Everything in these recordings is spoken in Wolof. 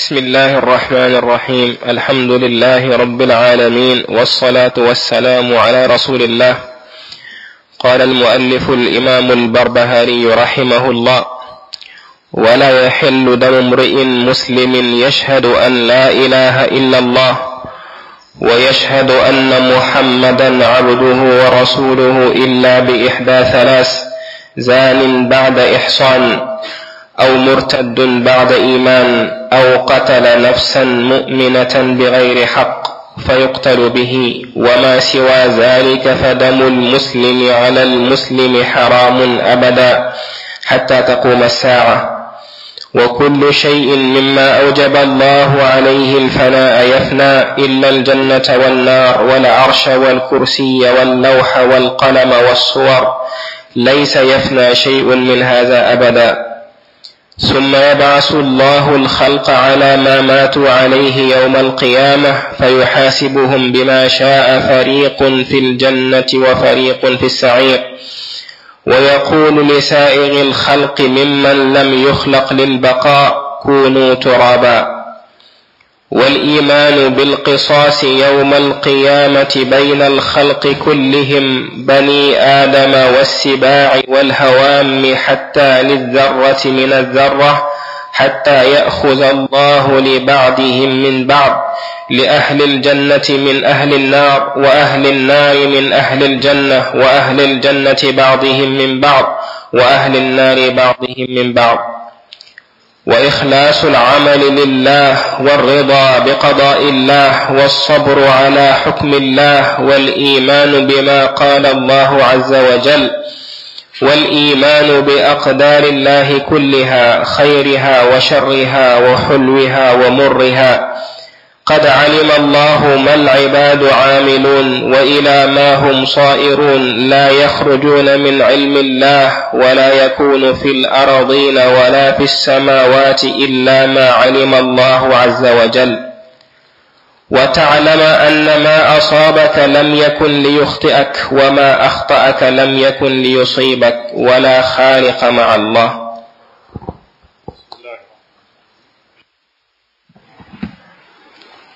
بسم الله الرحمن الرحيم الحمد لله رب العالمين والصلاة والسلام على رسول الله قال المؤلف الإمام البربهاري رحمه الله ولا يحل دم امرئ مسلم يشهد أن لا إله إلا الله ويشهد أن محمدا عبده ورسوله إلا بإحدى ثلاث زان بعد إحصان أو مرتد بعد إيمان أو قتل نفسا مؤمنة بغير حق فيقتل به وما سوى ذلك فدم المسلم على المسلم حرام أبدا حتى تقوم الساعة وكل شيء مما أوجب الله عليه الفناء يفنى إلا الجنة والنار والعرش والكرسي واللوح والقلم والصور ليس يفنى شيء من هذا أبدا summa yabcasu allahu alxalqa cala maa maatuu calayhi yowma alqiyaama fayuxaasibuhum bima shaaa fariqun fi ljannati wa fariqun fi lsaciir ويقول لسائر الخلق ممن لم يخلق للبقاء كونوا ترابا والايمان بالقصاص يوم القيامه بين الخلق كلهم بني ادم والسباع والهوام حتى للذره من الذره حتى ياخذ الله لبعضهم من بعض لاهل الجنه من اهل النار واهل النار من اهل الجنه واهل الجنه بعضهم من بعض واهل النار بعضهم من بعض وإخلاص العمل لله والرضا بقضاء الله والصبر على حكم الله والإيمان بما قال الله عز وجل والإيمان بأقدار الله كلها خيرها وشرها وحلوها ومرها قد علم الله ما العباد عاملون والى ما هم صائرون لا يخرجون من علم الله ولا يكون في الارضين ولا في السماوات الا ما علم الله عز وجل وتعلم ان ما اصابك لم يكن ليخطئك وما اخطاك لم يكن ليصيبك ولا خالق مع الله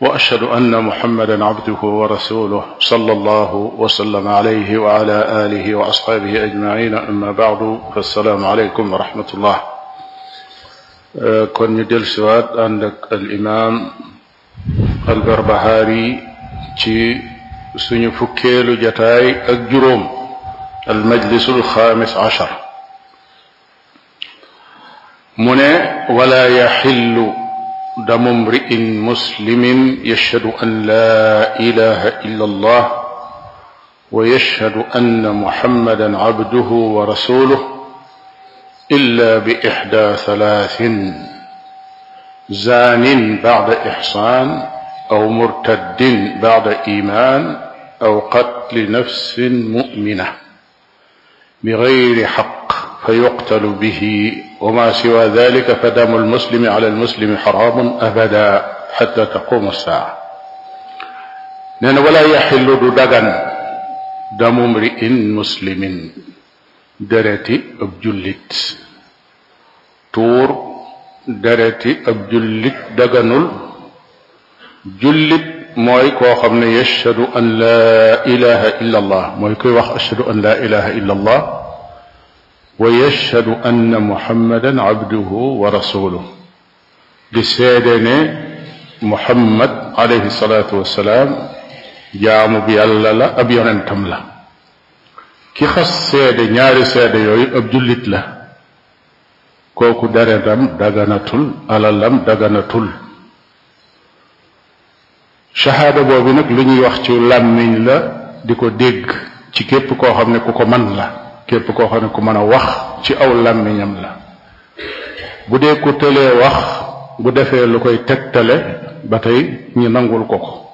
واشهد ان محمدا عبده ورسوله صلى الله وسلم عليه وعلى اله واصحابه اجمعين اما بعد فالسلام عليكم ورحمه الله kon ñu del siwaat ànd ak al imam al barbahari ci suñu fukkeelu jataay ak juróom al majlisul xaamis ashar mu ne wala yaxillu دم امرئ مسلم يشهد أن لا إله إلا الله ويشهد أن محمدا عبده ورسوله إلا بإحدى ثلاث زان بعد إحصان أو مرتد بعد إيمان أو قتل نفس مؤمنة بغير حق فيقتل به وما سوى ذلك فدم المسلم على المسلم حرام أبدا حتى تقوم الساعة nee na wala yaxillu du dagan damu mri'in muslimin dereti ab jullit tuur dereti ab jullit daganul jullit mooy koo xam ne yashhadu an laa ilaha illa allah mooy koy wax ashhadu an laa ilaha illa allah ويشهد أن محمدا عبده ورسوله di seede ne Muhammad alayhi salaatu wasalaam jaamu bi yàlla la ab yonentam la ki xas seede ñaari seede yooyu ab jullit la kooku deretam daganatul alalam daganatul shahaada boobu nag lu ñuy wax ci làmmiñ la di ko dégg ci képp koo xam ne ku ko man la képp koo xam ne ku mën a wax ci aw làmmiñam la bu dee ko tëlee wax bu defee lu koy tegtale ba tey ñi nangul ko ko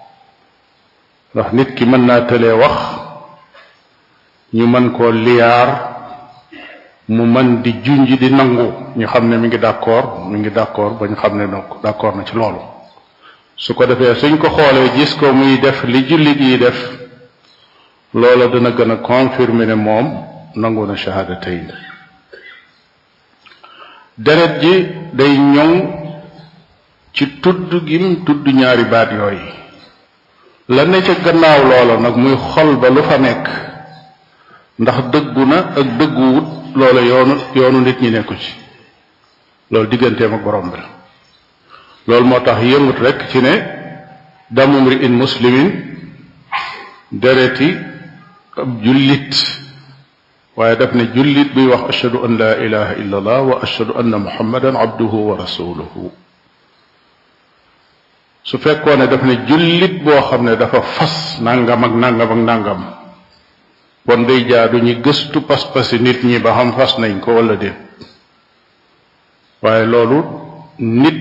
ndax nit ki mën naa tëlee wax ñu mën koo liyaar mu mën di junj di nangu ñu xam ne mi ngi d'accord mi ngi d'accord ba ñu xam ne donc d'accord na ci loolu su ko defee suñ ko xoolee gis ko muy def li jullit yi def loola dana gën a confirmer ne moom nangu na shahaadatayn deret ji day ñoŋ ci tudd gim tudd ñaari baat yooyu la ne ca gannaaw loola nag muy xol ba lu fa nekk ndax dëggu na ak dëgguwut loola yoonu yoonu nit ñi nekku ci loolu digganteem ak borom bi la loolu moo tax yëngut rekk ci ne damum ri in muslimin dereti ab jullit waaye daf ne jullit buy wax ashhadu an laa ilaha illa allah wa ashhadu anna muhammadan abduhu wa rasuluhu su fekkoon ne daf ne jullit boo xam ne dafa fas nangam ak nangam ak nangam kon day jaadu ñi gëstu pas-pasi nit ñi ba xam fas nañ ko wala déet waaye loolu nit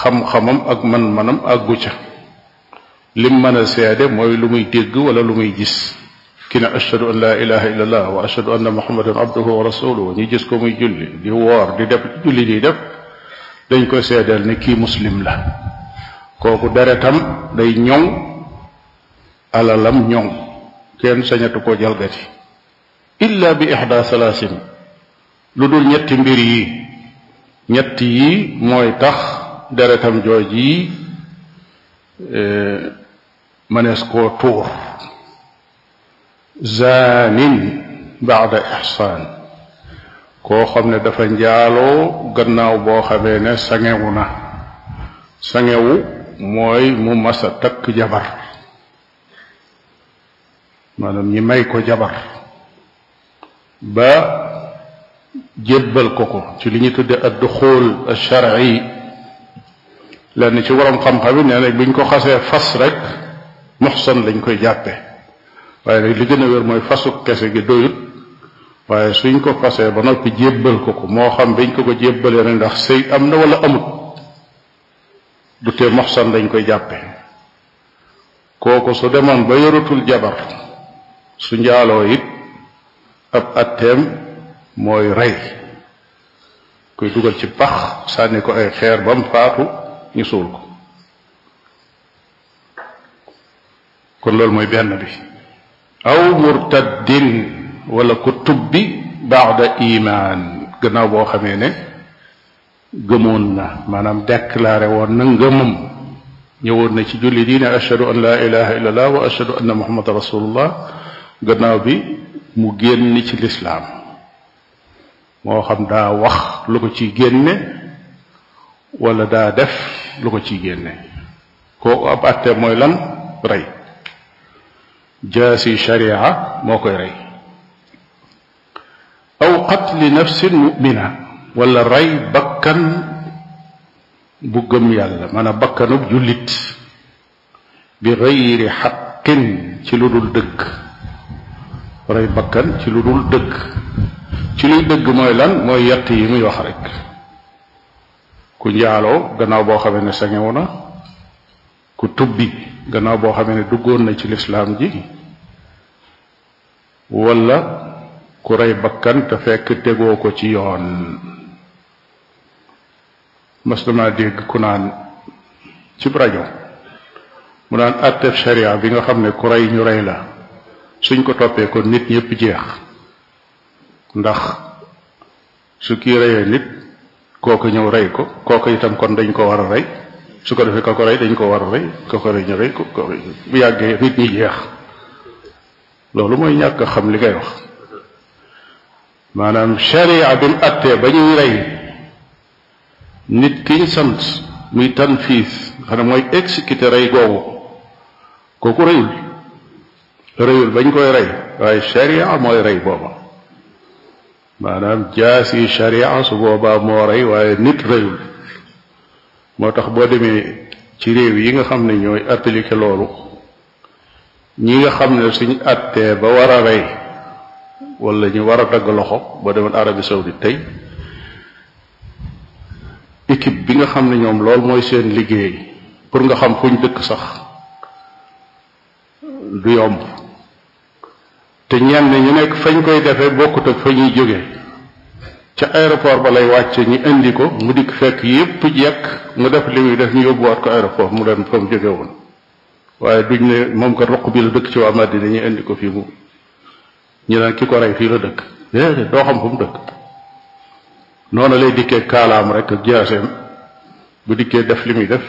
xam-xamam ak man-manam àggu ca lim mën a seede mooy lu muy dégg wala lu muy gis ki ne ashhadu an laa ilaha illa allah wa ashhadu anna muhammadan abduhu wa ñu gis ko muy julli di woor di def julli di def dañ koy seedeel ne kii muslim la kooku deretam day ñoŋ alalam ñoŋ kenn sañatu koo jalgati illa bi ihda salaasin lu dul ñetti mbir yi ñetti yi mooy tax deretam jooj yi eh, mënees koo tuur zaanin baada ixsaan koo xam ne dafa njaaloo gannaaw boo xamee ne sangewu na sangewu mooy mu masa takk jabar maanaam ñi may ko jabar ba jébbal ko ko ci li ñu tudde ad duxul shar'i lenn ci waroom xam-xam yi nee na buñ ko xasee fas rek muxsan lañ koy jàppe waaye nag li gën a wér mooy fasu kese gi doyut waaye suñ ko fasee ba noppi jébbal ko ko moo xam biñ ko ko jébbalee na ndax sëy am na wala amut du tee moxsan dañ koy jàppe kooku su demoon ba yoratul jabar su njaaloo it ab atteem mooy rey koy dugal ci pax sànni ko ay xeer ba mu faatu ñu suul ko kon loolu mooy benn bi aw murtaddin wala ku tubbi baada iman gannaaw boo xamee ne gëmoon na maanaam déclaré woon na ngëmam ñëwoon na ci julli diine ashhadu an la ilaha illa wa ashhadu anna muhammadan rasulullah gannaaw bi mu génn ci lislaam moo xam daa wax lu ko ci génne wala daa def lu ko ci génne kooku ab atte mooy lan rey jaasi sharia moo koy rey aw qatli nafsin mu'mina wala rey bakkan bu gëm yàlla maanaam bakkanub jullit bi gayri xaqin ci lu dul dëgg rey bakkan ci lu dul dëgg ci luy dëgg mooy lan mooy yett yi muy wax rek ku njaaloo gannaaw boo xamee ne sangewu na ku tubbi gannaaw boo xamee ne duggoon na ci lislaam ji wala ku rey bakkan te fekk tegoo ko ci yoon mas damaa dégg ku naan cib rajo mu naan àtteeb sharia bi nga xam ne ku rey ñu rey la suñ ko toppee kon nit ñépp jeex ndax su kii reyee nit kooku ñëw rey ko kooku itam kon dañ ko war a rey su ko defee ka ko rey dañ ko war a rey ka ko rey ñu rey ko ko rey bu yàggee nit ñi jeex loolu mooy ñàkk xam li ngay wax maanaam sharia bi mu attee ba ñuy rey nit kiñ sant muy tanfiis xanaa mooy exécuté rey googu kooku reyul reyul bañ koy rey waaye sharia mooy rey booba maanaam jaasi sharia su boobaa moo rey waaye nit reyul moo tax boo demee ci réew yi nga xam ne ñooy appliqué loolu ñi nga xam ne suñ attee ba war a rey wala ñu war a dagg loxo boo demoon Arabie Saoudite tey équipe bi nga xam ne ñoom loolu mooy seen liggéey pour nga xam fuñ dëkk sax du yomb te ñenn ñu nekk fañ koy defee bokkut fa ñuy jóge ca aéroport ba lay wàcce ñu indi ko mu dikk fekk yépp yekk mu def li muy def ñu yóbbuwaat ko aéroport mu dem fa mu jóge woon waaye duñ ne moom kat roq bi la dëkk ci waa Madina ñu indi ko fii mu ñu ko rey fii la dëkk doo xam fu mu dëkk noonu lay dikkee kaalaam rek ak bu dikkee def li muy def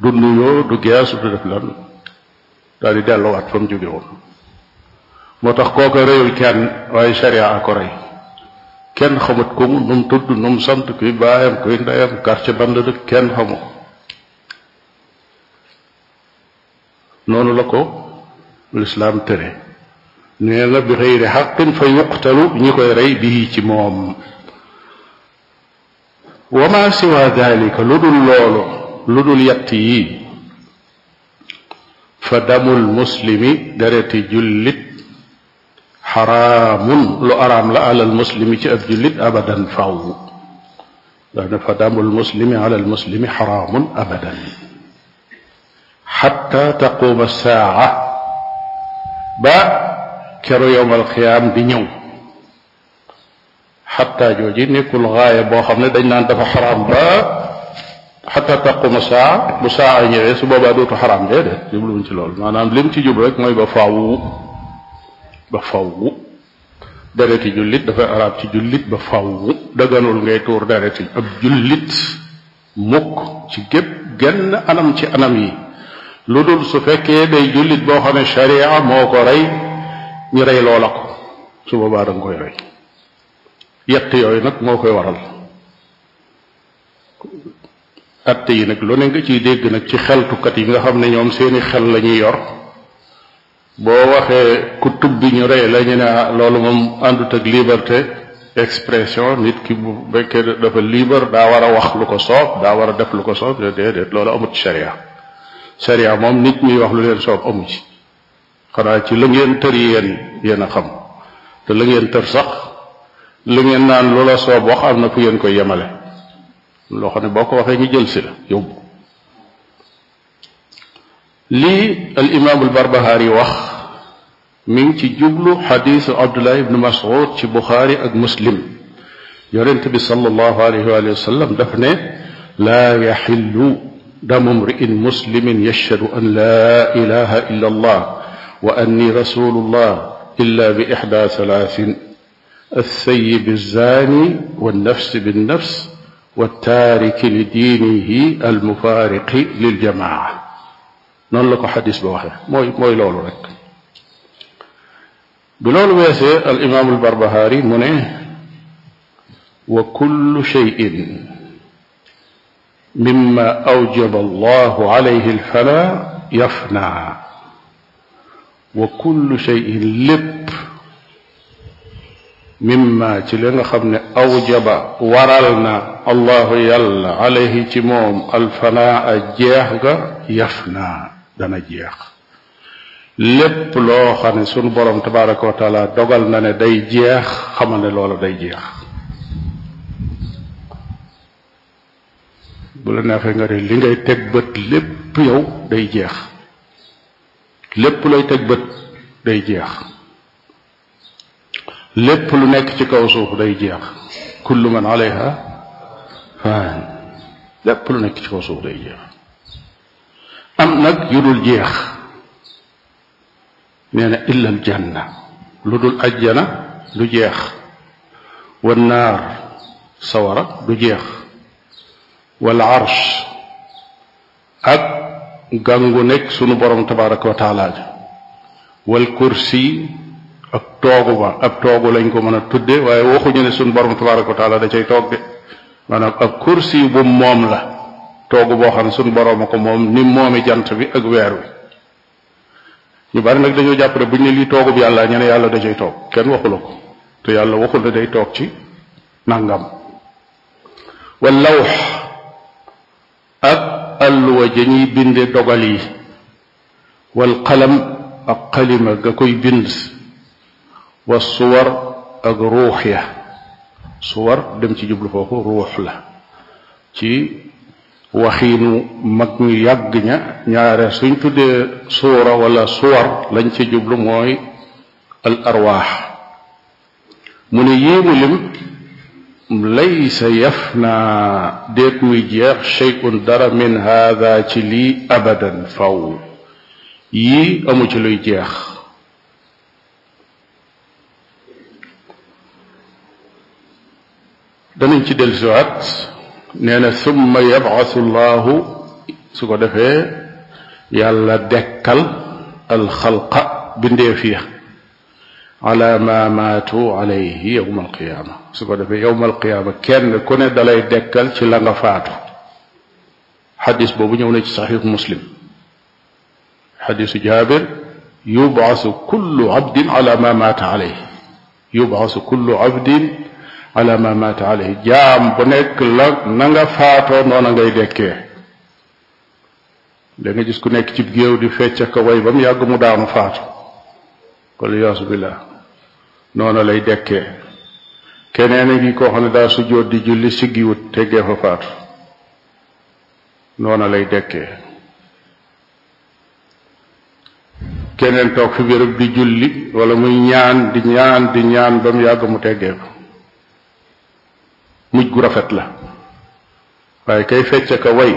du nuyoo du gees du def lan daal di delluwaat fa mu jóge woon moo tax kooka réyul kenn waaye sharia a ko rey kenn xamut ko mu nu mu tudd nu mu sant kuy baayam kuy ndeyam quartier ban la dëkk kenn xamu noonu la ko lislaam tere nee na bi xëyri xaqin fa yuqtalu ñi koy rey bii ci moom wa ma siwa dalika lu dul loolu lu dul yett yi fa damul muslimi dereti jullit xaraamun lu araam la alal muslimi ci ab jullit abadan faaw ndax dafa damul muslimi alal muslimi xaraamun abadan xatta taquuma saaca ba keru yowmal qiyaam di ñëw xatta jooji nekkul gaaya boo xam ne dañ naan dafa xaraam ba xatta taquuma saaca bu saaca ñëwee su boobaa dootu xaraam déedéet jubluwuñ ci loolu maanaam lim ci jub rek mooy ba faaw. ba faww dereti jullit dafay arab ci jullit ba faww daganul ngay tuur dereti ab jullit mukk ci gépp genn anam ci anam yi lu dul su fekkee day jullit boo xam ne sharia moo ko rey ñu rey loola ko su boobaa danga koy rey yett yooyu nag moo koy waral atte yi nag lu ne nga ciy dégg nag ci xeltukat yi nga xam ne ñoom seeni xel lañuy yor boo waxee ku bi ñu rey la ñu ne ah, loolu moom àndut ak liberté expression nit ki bu fekkee dafa libre daa war a wax lu ko soob daa war a def lu ko soob déedéet loolu amut sharia sharia moom nit muy wax lu leen soob amu ci xanaa ci la ngeen tër yéen yéen a xam te la ngeen tër sax li ngeen naan lu la soob wax am na fu ngeen koy yemale loo xam ne boo ko waxee ngi jël si la yóbbu lii al imaam al barbahaari wax mi ngi ci jublu xadiisu abdullah ibnu mas'ud ci buxaari ak muslim yonent bi sallallahu alayhi wa sallam daf ne laa yaxillu damu mri'in muslimin yashhadu an laa ilaha illa allah wa anni rasulullah illa bi ixda salaasin assayi bizzaani wannafsi binnafs wattaariki li diinihi almufaariqi liljamaa noonu la ko xadis ba waxee mooy mooy loolu rek bi loolu weesee al imaam al barbahaari mu ne wa kullu cheyin mimma awjaba allahu alayhi alfala yafna wa kullu cheyin lépp mimma ci li nga xam ne awjaba waral na allahu yàlla alayhi ci moom alfanaa jeex ga yafna dana jeex lépp loo xam ne sunu borom tabaraka wa taala dogal na ne day jeex xamal ne loola day jeex bu la neexee nga ne li ngay teg bët lépp yow day jeex lépp looy teg bët day jeex lépp lu nekk ci kaw suuf day jeex kullu man alayha faan lépp lu nekk ci kaw suuf day jeex am nag yu dul jeex nee na illa al janna lu dul aj jana du jeex wan naar sawara du jeex wal arsh ak gàngu nekk sunu borom tabaraka wa taala ja wal kursi ak toogu ba ab toogu lañ ko mën a tudde waaye waxuñu ne suñu borom tabaraka da cay toog de a ab bu moom la toogu boo xam ne suñu boroom ko moom ni moomi jant bi ak weer wi ñu bari nag dañoo jàpp ne bu ñu ne lii toogub yàlla ñu yàlla da cay toog kenn waxula ko te yàlla waxul ne day toog ci nangam wal lawx ak alluwa ja ñuy binde dogal yi wal qalam ak xalima ga koy bind wa suwar ak ruux ya suwar dem ci jublu foofu ruux la ci waxiinu mag ñu yàgg ña ñaare suñ tuddee suura wala suwar lañ ci jublu mooy al arwaax mu ne yéemu lim laysa yaf naa déet muy jeex shay'un dara min haada ci lii abada faw yii amu ci luy jeex danañ ci dellusiwaat nee na summa yabasu llahu su ko defee yàlla dekkal alxalqa bindeef ya ala ma maatu alayhi yowma alqiyaama su ko defee yowma alqiyaama kenn ku ne dalay dekkal ci la nga faatu xadis boobu ñëw na ci saxiix muslim xadisu jaabir yubaasu kullu abdin ala ma maata alayhi yubaasu kullu abdin ala ma maata jaam bu nekk la na nga faatoo noona ngay dekkee da nga gis ku nekk cib géew di fecc ko way ba mu yàgg mu daanu faatu wala yaasu billah noona lay dekkee keneen a ngi koo xam ne daa sujjóot di julli siggiwut teggee fa faatu noona lay dekkee keneen toog fi béréb di julli wala muy ñaan di ñaan di ñaan ba mu yàgg mu teggee ko mujj gu rafet la waaye kay fecc ka way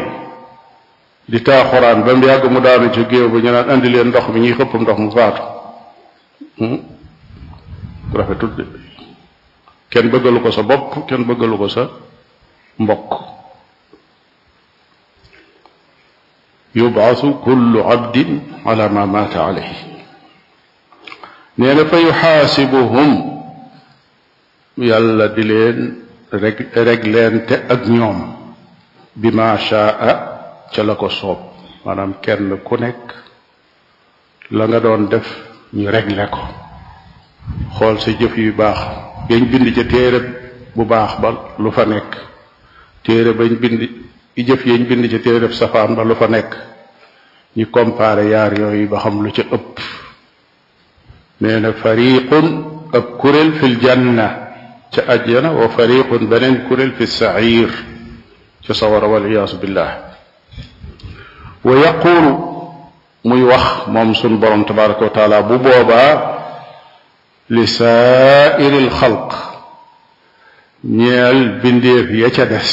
di taaxuraan ba mu yàgg mu daanu ca géew ba ñu naan andi leen ndox mi ñuy xëppam ndox mu faatu hmm? rafetut de kenn bëggalu ko sa bopp kenn bëggalu ko sa mbokk yubaasu kullu abdin ala ma maata alayhi nee na fa yuxaasibuhum yàlla di leen reg regleente ak ñoom bi ma shaa ca la ko soob maanaam kenn ku nekk la nga doon def ñu regle ko xool sa jëf yu baax yañ bind ca téere bu baax ba lu fa nekk téere bañ bind i jëf yañ bind ca téere safaan ba lu fa nekk ñu comparé yaar yooyu ba xam lu ca ëpp nee na fariqun ak kuréel fil janna ca ajjana wa fariqun beneen kuréel fi sair ca sawara waliyaasu billah wa yaquulu muy wax moom sunu borom tabaraka wa taala bu boobaa li saairi lxalq ñeel bindeef ya ca des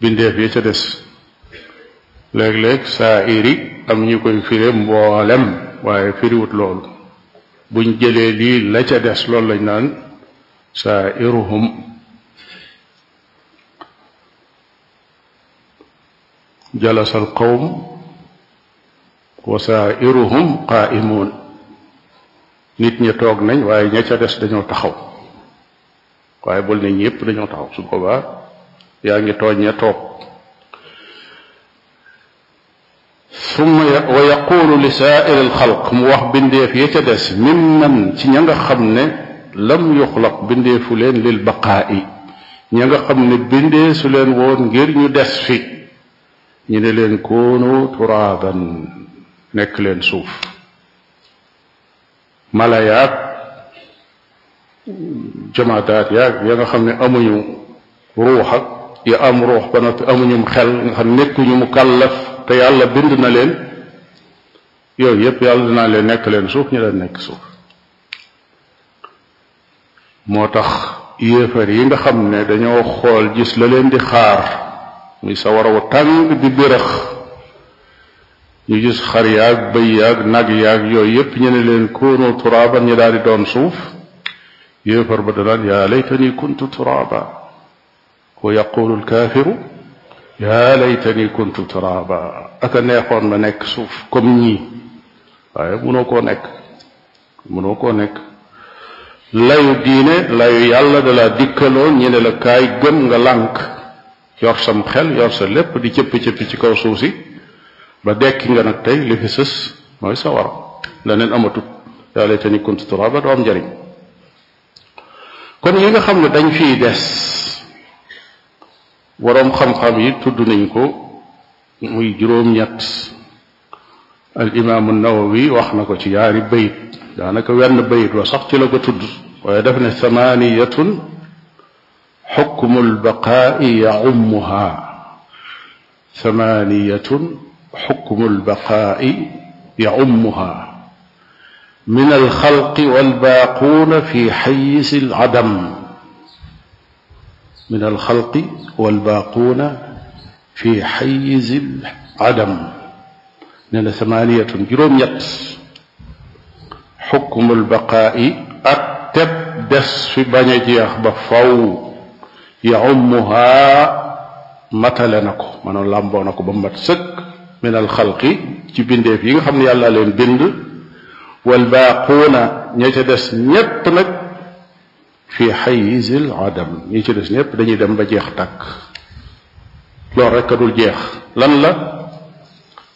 bindeef ya ca des léeg-léeg saairi am ñu koy fire mboolem waaye firiwut loolu buñ jëlee lii la ca des loolu lañ naan saa iruhum jalasal qawm wa saa iruhum qaaimuun nit ñi toog nañ waaye ña ca des dañoo taxaw waaye bool ne ñëpp dañoo taxaw su yaa ngi tooñ ña toog summa wa yaqulu li saairi alxalq mu wax bindeef ya ca des min man ci ña nga xam ne lam yuxlaq bindeefu leen lil baqaa'i ña nga xam ne bindee su leen woon ngir ñu des fi ñu ne leen koonu turaaban nekk leen suuf mala yaag jamaadaat yaag ya nga xam ne amuñu ruux ak ya am ruux ba noppi amuñum xel nga xam nekkuñu mu kàllaf te yàlla bind na leen yooyu yépp yàlla dinaa leen nekk leen suuf ñu leen nekk suuf moo tax yéefar yi nga xam ne dañoo xool gis la leen di xaar muy sa warawu tàng di birax ñu gis xar yaag bëy yaag nag yaag yooyu yépp ñu ne leen kunu turaaban ñu daal di doon suuf yéefar ba danaan yaa laytani kuntu turaaba wa yaqulu alkaafiru yaa laytani kuntu turaba ak a neexoon ma nekk suuf comme ñii waaye mënoo koo nekk munoo koo nekk layu diine layu yàlla da laa dikkaloo ñi la kaay gëm nga lànk yor sam xel yor sa lépp di cëpp cëppi ci kaw suuf si ba dekki nga nag tey li fi sës mooy sa war leneen amatut yaa laytani kuntu turaba doo njariñ kon yi nga xam ne dañ fiy des waroom xam-xam yi tudd nañ ko muy juróom-ñett al imaamu nawawi wax na ko ci yaari bayit daanaka wenn bayit wa sax ci la ko tudd waaye daf ne samaniyatun xukmu lbaqaai yaummuha samaniyatun xukmu lbaqaai yaummuha min alxalqi walbaaquuna fi xayisi aladam min alxalqi walbaaquuna fi xayizi adam ne la samaaniyatun juróom-ñett xukmul baqaa'i ak teb des fi bañ a jeex ba faw yaummuhaa matale na ko maanaam làmboo na ko ba mat sëkk min alxalqi ci bindeef yi nga xam ne yàlla leen bind walbaaquuna ña ca des ñett nag fi xayizil adam ñi ci des ñépp dañuy dem ba jeex tàkk loolu rek a dul jeex lan la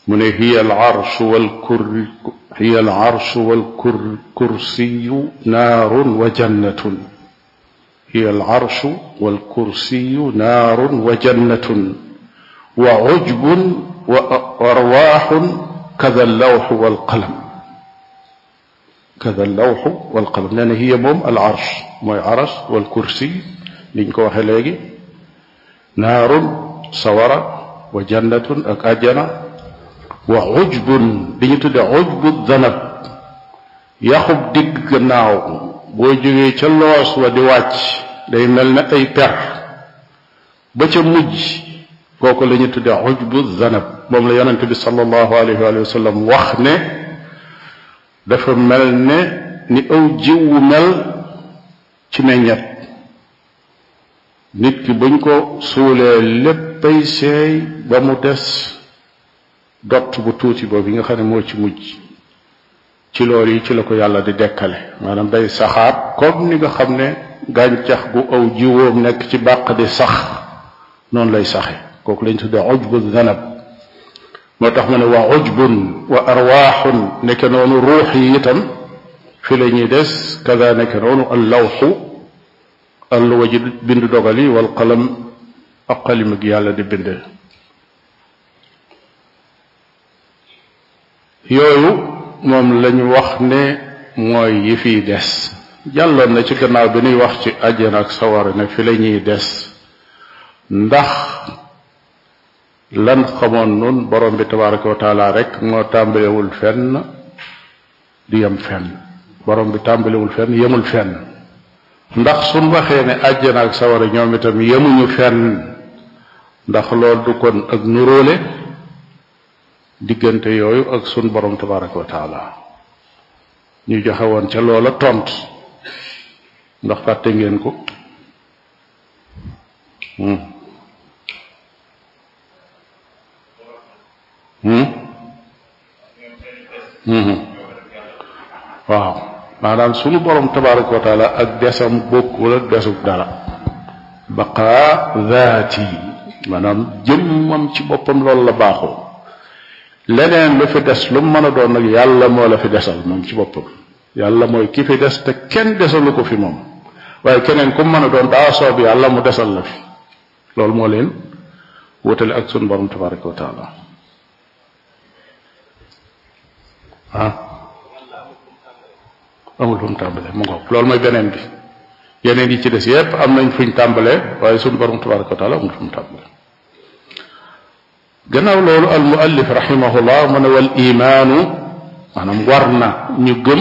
mu ne hiya al arshu wal kur hiya al arshu wal kur kursiyu naarun wa jannatun hiya al arshu wal kursiyu naarun wa jannatun wa ujbun wa arwaaxun kada allawxu wal qalam kada allawxu walqalam nee na hiya moom al arsh mooy aras wal kursi liñ ko waxe léegi naarun sawara wa jannatun ak ajjana wa ujbun bi ñu tudde ujbu danab gannaaw boo jógee ca loos wa di wàcc day mel ne ay per ba ca mujj kooku la ñu tudde ujbu danab moom la yonente bi sallallahu alayhi wa wax ne dafa mel ne ni aw jiwu mel ci meññet nit ki buñ ko suulee léppay seey ba mu des dott bu tuuti boobu yi nga xam ne moo ci mujj ci lool yi ci la ko yàlla di dekkale maanaam day saxaar comme ni nga xam ne gàncax gu aw jiwoom nekk ci bàq di sax noonu lay saxe kooku lañ tuddee ujbu zanab moo tax ma ne wa ujbun wa arwaaxun nekk noonu ruux yi itam fi la ñuy des kada nekk noonu al lawxu alluwa ji bind dogal wal qalam ak xalim yàlla di bind yooyu moom lañu wax ne mooy yi fiy des jàlloon na ci gannaaw bi nuy wax ci àjjana ak sawara ne fi la ñuy des ndax lan xamoon nun borom bi tabaraka wa rek moo tàmbalewul fenn di yam fenn borom bi tàmbalewul fen yamul fenn ndax suñ waxee ne àjjana ak sawara ñoom itam yemuñu fenn ndax lool du kon ak nuróole diggante yooyu ak sun borom tabaraka wa ñu joxe woon ca loola tont ndax fàtte ngeen ko hmm. Hmm? Hmm. waaw maanaam sunu borom tabaraka wa taala ak desam bokk wala desug dara baqaa zaati maanaam jëmmam ci boppam loolu la baaxoo leneen lu fi des lu mën a doon nag yàlla moo la fi desal moom ci boppam yàlla mooy ki fi des te kenn desalu ko fi moom waaye keneen ku mën a doon daa soob yàlla mu desal la fi loolu moo leen wutale ak sunu borom tabaraka wa ah amul fu mu mu ngoog loolu mooy beneen bi yeneen yi ci des yépp am nañ fuñ tàmbalee waaye suñu borom wa taala amul fu mu tàmbalee loolu al muallif rahimahullah mu ne wal imaanu maanaam war na ñu gëm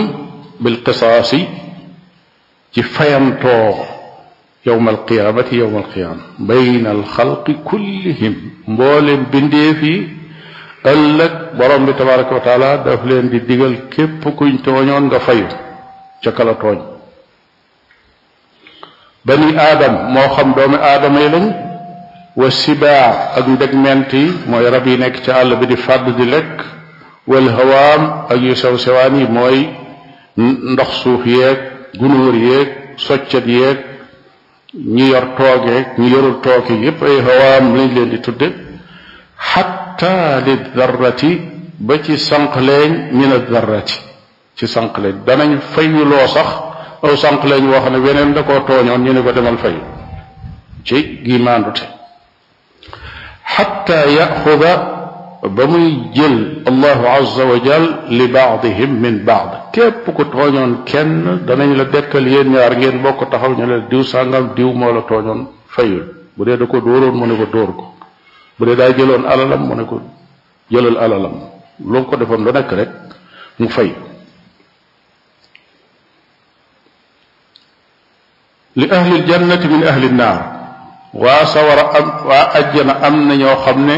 bil qisaasi ci fayantoo yowma alqiyaamati yowma alqiyaama bayna alxalqi kullihim mboolem bindeef ëllëg borom bi tabaraka wa taala daf leen di digal képp kuñ tooñoon nga fayu ca kala tooñ bani aadam moo xam doomi aadama yi lañ wa sibaa ak ndegment yi mooy rab yi nekk ca àll bi di fàdd di lekk wal hawaam ak yu sew sewaan yi mooy ndox suuf yeeg gunóor yeeg soccet yeeg ñu yor toogeeg ñi yorul tooge yépp ay hawaam lañ leen di tudde xatta li darrati ba ci sanqleeñ min a darrati ci sanqleeñ danañ fayuloo sax aw sanqleeñ woo xam ne weneen da koo tooñoon ñu ne ko demal fayu ci gi maandute xatta yaxuda ba muy jël allahu azza wa jal li baadihim min baad képp ku tooñoon kenn danañ la dekkal yéen ñaar ngeen bokk taxaw ñu la diw sàngam diw moo la fayu bu dee da ko dóoroon mu ne ko dóor bu dee daa jëloon alalam mu ne ko jëlal alalam loo ko defoon lu nekk rek mu fay li ahli ljannati min ahli naar waa sawara am waa ajjana am na ñoo xam ne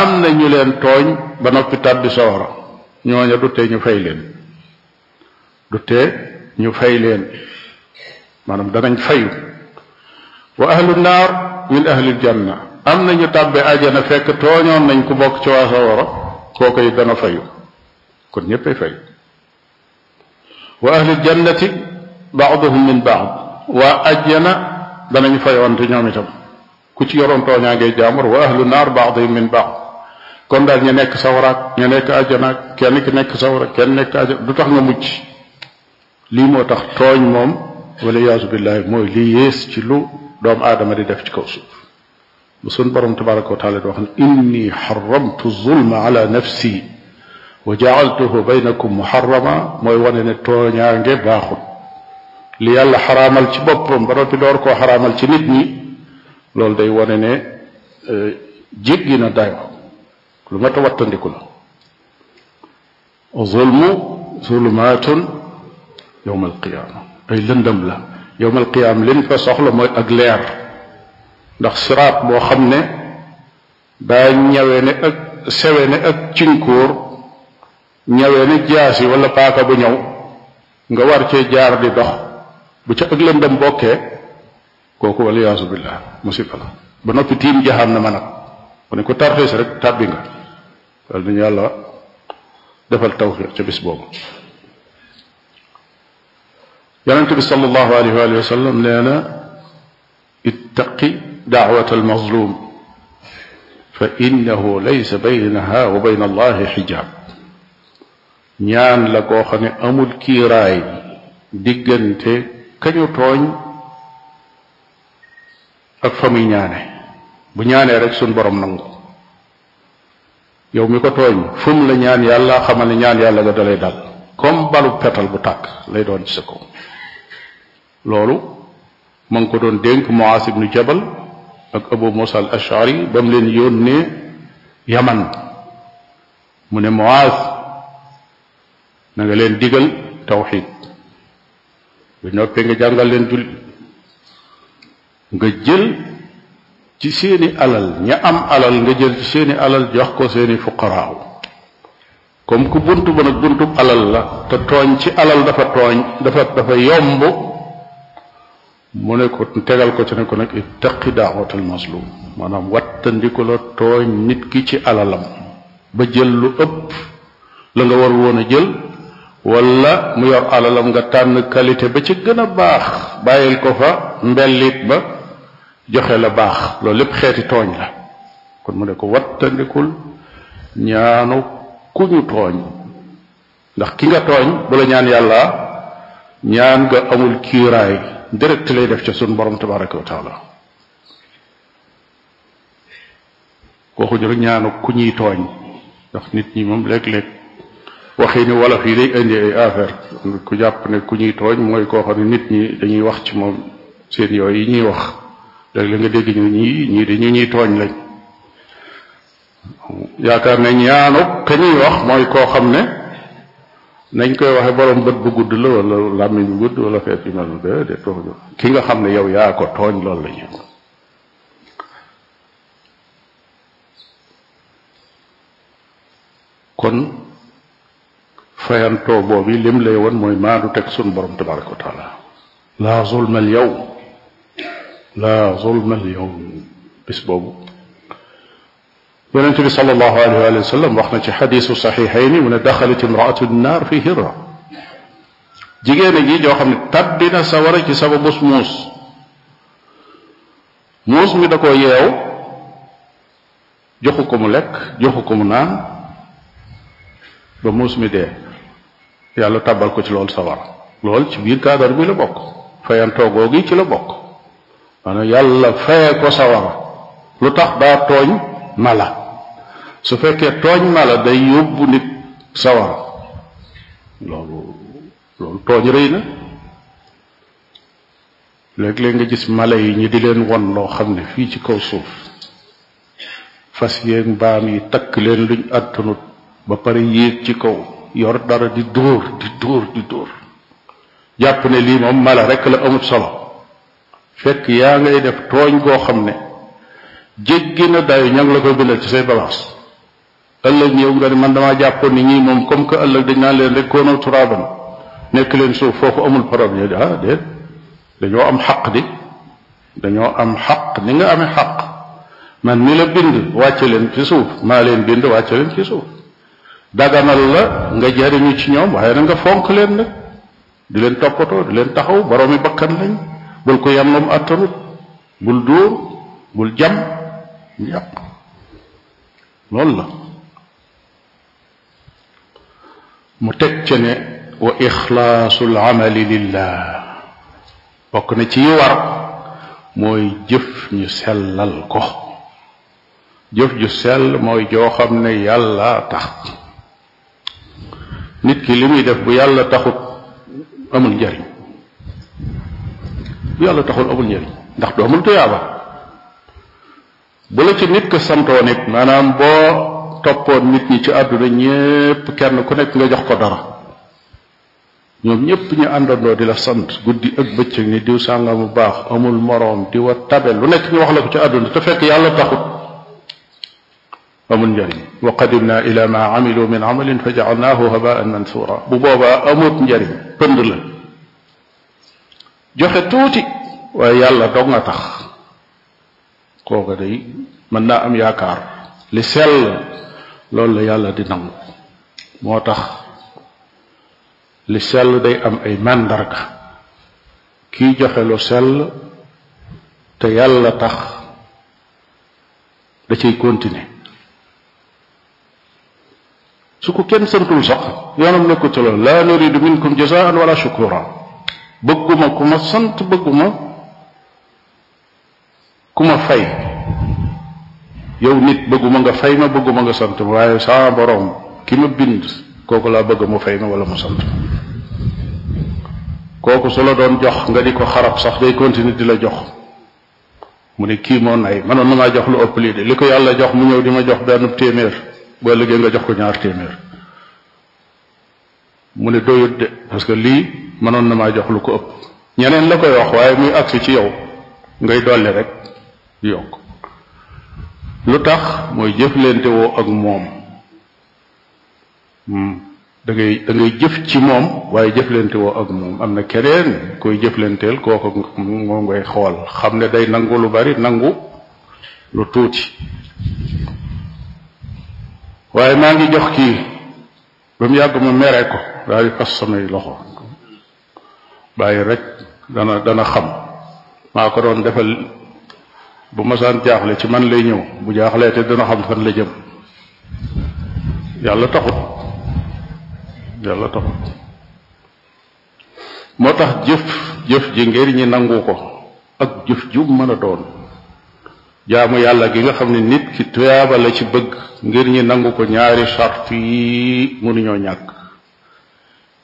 am na ñu leen tooñ ba noppi tàbbi sawara ñooña du ñu fay leen du ñu fay leen maanaam danañ fayu wa ahlu naar min ahli ljanna am ñu tàbbe ajana fekk tooñoon nañ ku bokk ci waa sawara kooku it dana fayu kon ñéppay fay wa ahlil jannati baaduhum min baad waa ajjana danañ fayonte ñoom itam ku ci yoroon tooñaa ngay jaamur wa ahlu naar baaduhum min baad kon daal ñu nekk sawaraak ñu nekk ajjanaak kenn ki nekk sawara kenn nekk ajjana du tax nga mucc lii moo tax tooñ moom wala yaasu billahi mooy lii yées ci lu doomu adama di def ci kaw suuf ba sun borom tabaraka wa taala wax ne inni xaramtu zulma ala nafsi wa jaaltuhu baynakum muharrama mooy wane ne tooñaange baaxut li yàlla xaraamal ci boppam ba noppi door koo ci nit ñi loolu day wane ne e, jéggi na dayo lu mat a wattandiku la zulmu zulumaatun yowma alqiyaama ay lëndëm la yowma alqiyaama liñ fa soxla mooy ak ndax siraat boo xam ne daa ñawe ne ak sewe ne ak cinkóor ñawe ne jaasi wala paaka bu ñëw nga war cee jaar di dox bu ca ak lëndëm bokkee kooku waliyaasu billah musiba la ba noppi tiim jaxaam na ma ak ku ne ko tarxiis rek tàbbi nga wala nañu yàlla defal tawfiq ca bis boobu yonente bi sallallahu alayhi wa sallam nee na ittaqi دعوة المظلوم فإنه ليس بينها وبين الله حجاب ñaan la koo xam ne amul kiiraay diggante kañu tooñ ak fa muy ñaane bu ñaanee rek suñ borom nangu yow mi ko tooñ fu la ñaan yàlla xamal ne ñaan yàlla ga dalay dal comme balu petal bu tàkk lay doon ci sa loolu ma ngi ko doon dénk Muaas ibnu Jabal ak abu musa al ashari ba mu leen yónnee yaman mu ne moaz na nga leen digal tawxid bu noppee nga jàngal leen julli nga jël ci seeni alal ña am alal nga jël ci seeni alal jox ko seeni fuqaraaw comme ku bunt bu nag buntub alal la te tooñ ci alal dafa tooñ dafa dafa yomb mu ne ko tegal ko ci ne ko nag ittaqi daawatal mazlum maanaam wattandiku la tooñ nit ki ci alalam ba jël lu ëpp la nga war woon a jël wala mu yor alalam nga tànn qualité ba ci gën a baax bàyyil ko fa mbellit ba joxe la baax loolu lépp xeeti tooñ la kon mu ne ko wattandikul ñaanu ku ñu tooñ ndax ki nga tooñ bu la ñaan yàlla ñaan nga amul kiiraay direct lay def ca suñu borom tabaraka wa taala waxuñu rek ñaanu ku ñuy tooñ ndax nit ñi moom léeg-léeg waxee ni wolof yi indi affaire ku jàpp ne ku ñuy tooñ mooy koo xam ne nit ñi dañuy wax ci moom seen yooyu yi ñuy wax léeg-léeg nga dégg ñu ñii ñii di ñu tooñ lañ yaakaar ne ñaanu ka ñuy wax mooy koo xam ne nañ koy waxe borom bët bu gudd la wala làmmiñ bu gudd wala feet ki nga xam ne yow yaa ko tooñ loolu la ñu kon fayantoo boobu lim lay woon mooy maadu teg sun borom tabaraka wa taala laa zulma al laa zulma al bis boobu yonente bi sallallahu alayhi wa sallam wax na ci xadisu saxiixayni mu ci daxalat imraatu naar fi hirra jigéen gi joo xam ne tabbina sawara ci sababus muus muus mi da ko yeew joxu ko mu lekk joxu ko mu naan ba muus mi dee yàlla tàbbal ko ci lool sawara lool ci biir kaadar bi la bokk fayantoogoo gi ci la bokk maanaam yàlla fayee ko sawara lu tax daa tooñ mala su fekkee tooñ mala day yóbbu nit sawar loolu loolu tooñ rëy na léeg-léeg nga gis mala yi ñu di leen won loo xam ne fii ci kaw suuf fas yéeg mbaam yi takk leen luñ àttanut ba pare yéeg ci kaw yor dara di dóor di dóor di dóor jàpp ne lii moom mala rekk la amut solo fekk yaa ngay def tooñ goo xam ne jéggi na dayu ña la ko bindal ci say balance ëllëg ñëw nga ne man damaa jàppoon ni ñii moom comme que ëllëg dañ naan leen rek koono turaaban nekk leen suuf ko amul problème ñu ah déet dañoo am xaq di dañoo am xaq ni nga amee xaq man mi la bind wàcce leen ci suuf maa leen bind wàcce leen ci suuf daganal la nga jariñu ci ñoom waaye na nga fonk leen nag di leen toppatoo di leen taxaw boroomi bakkan lañ bul ko yam lam attanut bul dóor bul jam ñu la mu teg ca ne wa ixlaasul amali lillah bokk na ci war mooy jëf ñu sellal ko jëf ju sel mooy joo xam ne yàlla tax nit ki li muy def bu yàlla taxut amul njariñ bu yàlla taxul amul njariñ ndax doo amul bu la ci nit ko santoon it maanaam boo toppoon nit ñi ci àdduna ñépp kenn ku nekk nga jox ko dara ñoom ñépp ñu àndandoo di la sant guddi ak bëccëg ni diw sànga mu baax amul moroom di wa tabe lu nekk ñu wax la ko ci àdduna te fekk yàlla taxut amul njariñ wa qadimna ila ma amilu min amalin fa jaalnaahu habaan mansura bu boobaa amut njariñ pënd la joxe tuuti waaye yàlla dog nga tax kooka day mën naa am yaakaar li sell loolu la yàlla di nangu moo tax li sell day am ay màndarga kiy joxe lu sell te yàlla tax da ciy continuer su ko kenn santul sax yoonam nekku ci laa nuridu minkum jazaan wala shukura bëgguma ku ma sant bëgguma ku ma fay yow nit bëgguma nga fay ma bëgguma nga sant ma waaye saa borom ki ma bind kooku laa bëgg mu fay ma wala mu sant ma kooku su la doon jox nga di ko xarab sax day continuer di la jox mu ne kii moo nay mënoon na maa jox lu ëpp lii li ko yàlla jox mu ñëw di ma jox benn téeméer boo nga jox ko ñaar téeméer mu ne doyut parce que lii mënoon na maa jox lu ko ëpp ñeneen la koy wax waaye muy agsi ci yow ngay dolli rek di lu tax mooy jëflante ak moom hmm. da ngay jëf ci moom waaye jëflante woo ak moom am na keneen koy jëflanteel kooko moom ngay xool xam ne day nangu lu bari nangu lu tuuti waaye maa ngi jox kii ba mu yàgg ma mere ko daal di fas samay loxo bàyyi rek dana dana xam maa ko doon defal bu masaan jaaxle ci man lay ñëw bu jaaxlee te dana xam fan la jëm yàlla taxut yàlla taxut moo tax jëf jëf ji ngir ñi nangu ko ak jëf ju mën a doon jaamu yàlla gi nga xam ne nit ki tuyaaba la ci bëgg ngir ñi nangu ko ñaari sart yi mënuñoo ñàkk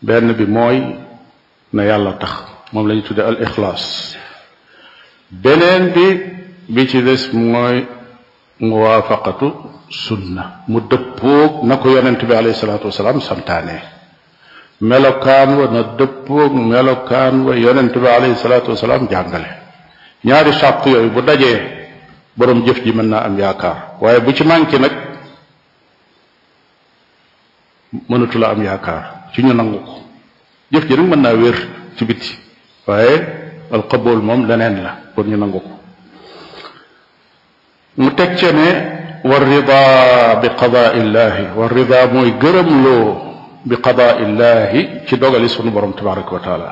benn bi mooy na yàlla tax moom la ñu tudde al ixlaas beneen bi bi ci des mooy muwaafaqatu sunna mu dëppoog na ko yonent bi alayhi salaatu wasalaam santaane melokaan wa na dëppoog melokaan wa yonent bi alayhi salaatu wasalaam jàngale ñaari sàq yooyu bu dajee boroom jëf ji mën naa am yaakaar waaye bu ci manqué nag mënatula am yaakaar ci ñu nangu ko jëf ji nag mën naa wér ci biti waaye alqabul moom leneen la pour ñu nangu ko mu teg ca ne wa rida bi qadaa illahi wa rida mooy gërëm loo bi qadaa illahi ci dogali sunu borom tabaraka wa taala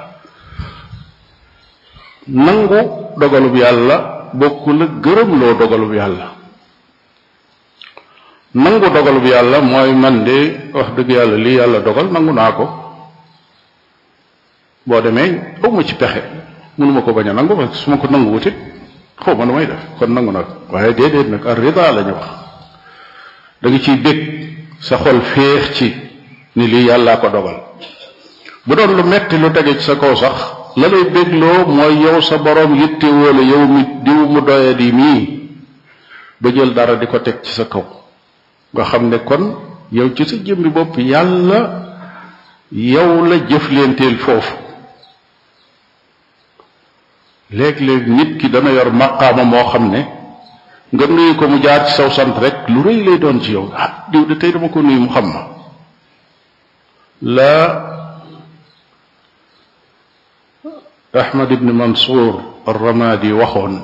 nangu dogalub yàlla bokkul ak gërëm loo dogalub yàlla nangu dogalub yàlla mooy man de wax dëgg yàlla lii yàlla dogal nangu naa ko boo demee aw ma ci pexe mënuma ko bañ a nangu parce su ma ko nangu wutit xaw ma lu may def kon nangu nag waaye déedéet nag ar rida la ñu wax da nga ciy bég sa xol féex ci ni lii yàlla ko dogal bu doon lu metti lu tege ci sa kaw sax la lay bégloo mooy yow sa boroom yitte wóole yow mi diw mu doya di mii ba jël dara di ko teg ci sa kaw nga xam ne kon yow ci sa jëmmi bopp yàlla yow la jëflenteel foofu léeg-léeg nit ki dana yor maqaama moo xam ne nga nuyu ko mu jaar ci sant rek lu rëy lay doon ci yow ah diw tey dama ko nuyu mu xam ma la ahmad ibn mansour ar-ramadi waxoon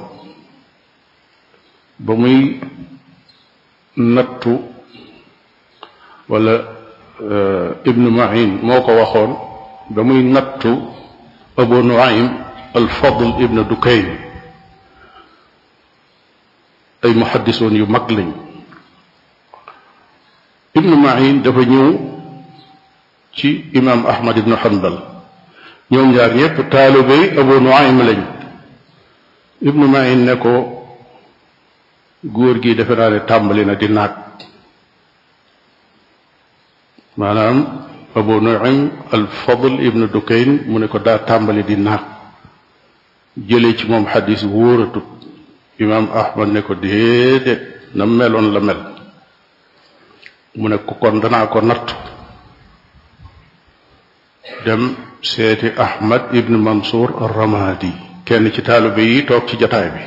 ba muy nattu wala euh, ibnu mahin moo ko waxoon ba muy nattu abu nuaym alfadl ibn dukayn ay muhaddisoon yu mag lañ ibnu mahin dafa ñëw ci imam ahmad ibnu hanbal ñoom ñaar ñëpp taalibey abu nuaym lañ ibnu mahin ne ko góor gi defe naa ne tàmbali na di naag maanaam abu nuaym alfadl ibnu dukayn mu ne ko daa tàmbali di naag jële ci moom xadis bu wóoratut imaam ahmad ne ko déedéet na meloon la mel mu ne ko kon danaa ko nattu dem seeti ahmad ibn mansour ramadi kenn ci taalibe yi toog ci jataay bi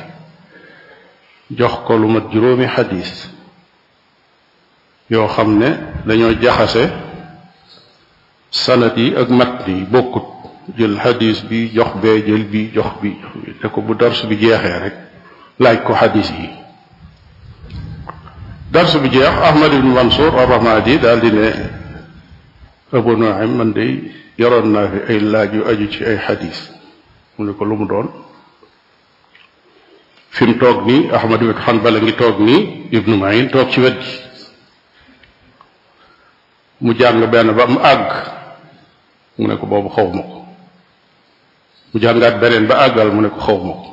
jox ko lu mat juróomi xadis yoo xam ne dañoo jaxase sanat yi ak mat yi bokkut jël xadis bi jox bee jël bi jox bi ne ko bu dars bi jeexee rek laaj ko xadis yi dars bi jeex ahmad ibn mansour arrahmadi daal di ne abu naim man de yoroon naa fi ay laaj yu aju ci ay xadis mu ne ko lu mu doon fi toog nii ahmad ibn hanbal a ngi toog nii ibnu maïn toog ci wet gi mu jàng benn ba mu àgg mu ne ko boobu xaw ma ko mu jàngaat beneen ba àggal mu ne ko xaw ma ko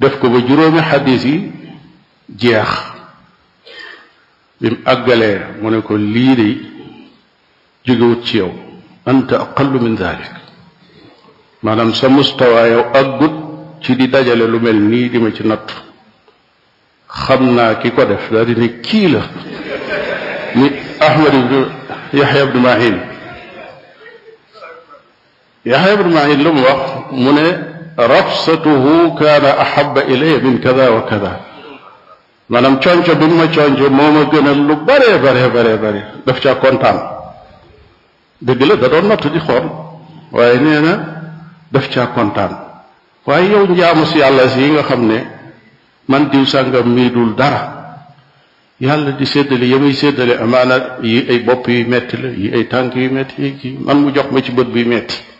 def ko ba juróomi xadis yi jeex bi mu àggalee mu ne ko lii de jógewut ci yow anta aqallu min dalik maanaam sa mustawa yow àggut ci di dajale lu mel nii di ma ci nattu xam naa ki ko def daal di kii la ni ahmad ibnu yaxya mahin yaxya ibnu maïn lu mu wax mu ne rafsatuhu kaana ahaba ilaya min kada wa kada maanaam conco bi mu ma conco moo ma gënal lu bare bare bare daf caa kontaan dëgg la da doon natt di xool waaye nee na daf ca kontaan waaye yow njaamu si si yi nga xam ne man diw sàngam mii dul dara yàlla di séddale ya muy séddale amaana yi ay bopp yu metti la yi ay tànk yu metti yi man mu jox ma ci bët buy metti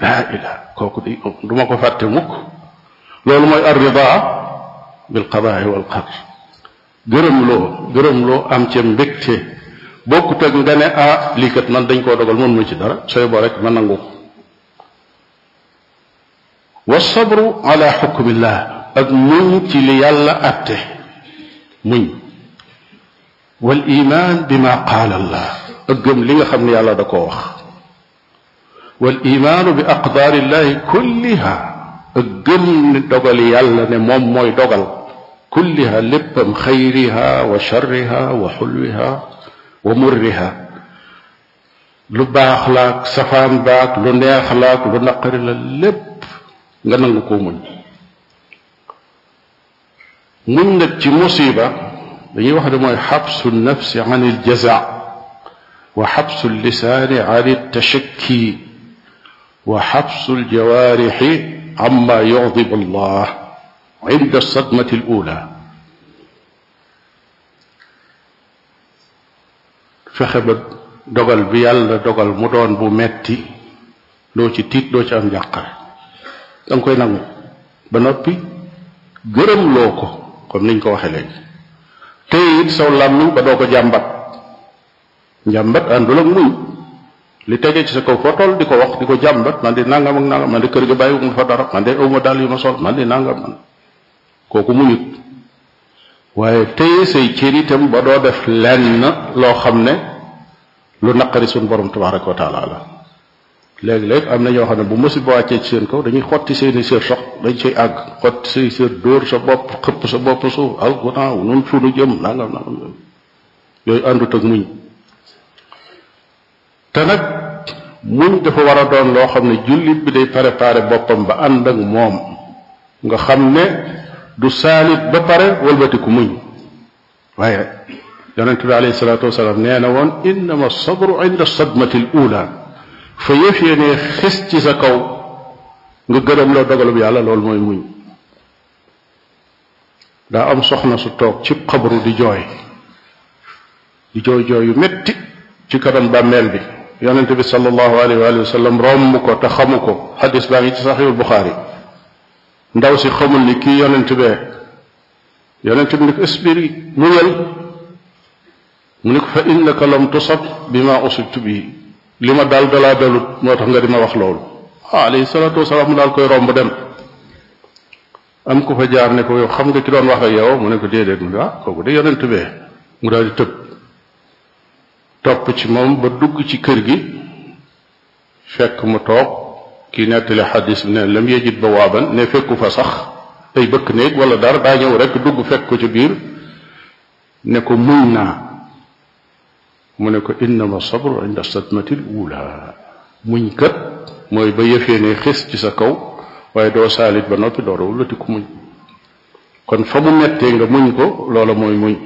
laa ilaha kooku di duma ko fàtte mukk loolu mooy ar ridaa bil qadaa wal gërëm loo gërëm loo am ca mbégte bokkut ak nga ne ah lii man dañ koo dogal mën ma ci dara sooy boo rek ma nangu ko wa sabru ak muñ ci li yàlla atte muñ wal iman bi ma qaala allah ak gëm li nga xam ne yàlla da koo wax wal imaanu bi aqdaari illahi kulliha ak gëm ne dogal yàlla ne moom mooy dogal kulliha léppam xayriha wa sharriha wa xulwiha wa murriha lu baax laak safaan baak lu neex laak lu naqari la lépp nga nangu ko muñ muñ nag ci musiba dañuy wax ne mooy xabsu nafsi an il jaza wa xabsu lisaani an il tashakki wa xabsul jawaarixi amma yucdibu allah inda sadmati al ula fexe ba dogal bi yàlla dogal mu doon bu metti doo ci tiit doo ci am njàqare danga koy nangu ba noppi gërëm loo ko comme niñ ko waxee léegi te it saw làmmiñ ba doo ko jàmbat njàmbat àndul ak muñ li tegee ci sa kaw foo toll di ko wax di ko jàmbat man di nangam ak nangam man de kër ga bàyyiwu ma fa dara man de aw ma daal yu ma sol man di nangam man kooku muñut waaye téye say cër itam ba doo def lenn loo xam ne lu naqari suñ borom tabaraka wa taala la léegi-léeg am na ñoo xam ne bu musiba wàccee ci seen kaw dañuy xotti seeni sër sox dañ cay àgg xotti say sër dóor sa bopp xëpp sa bopp suuf alquran nun fu jëm nangam nangam yooyu àndut ak muñ te nag muñ dafa war a doon loo xam ne jullit bi day préparé boppam ba ànd ak moom nga xam ne du saalit ba pare walbatiku muñ waaye yonente bi alayhi salaatu wasalaam nee na woon innama sabru inda ci sa kaw nga gërëm la dogalub loolu mooy muñ daa am soxna su toog ci xabru di jooy di jooy jooy yu metti ci kanam bàmmeel bi yonente bi sallallahu alayhi wa sallam romb ko te xamu ko xadis baa ngi ci saxiixul Buxaari ndaw si xamul ni kii yonente bee yonente bi ni ko isbiri muñal mu ko fa innaka bi ma usibtu bi li ma daal dalaa dalut moo tax nga di ma wax loolu ah alayhi salaatu wasalaam mu daal koy romb dem am ko fa jaar ne ko yow xam nga ki doon wax ak yow mu ne ko ah, kooku de yonente bee mu topp ci moom ba dugg ci kër gi fekk mu toog kii nettali xadis bi ne lam yejit ba waaban ne fekku fa sax ay bëkk néeg wala dara daa ñëw rek dugg fekk ko ci biir ne ko muñ naa mu ne ko innama sabru inda sadmatil ula muñ kat mooy ba yëfee ne xis ci sa kaw waaye doo saalit ba noppi doora wulati ko muñ kon fa mu nettee nga muñ ko loola mooy muñ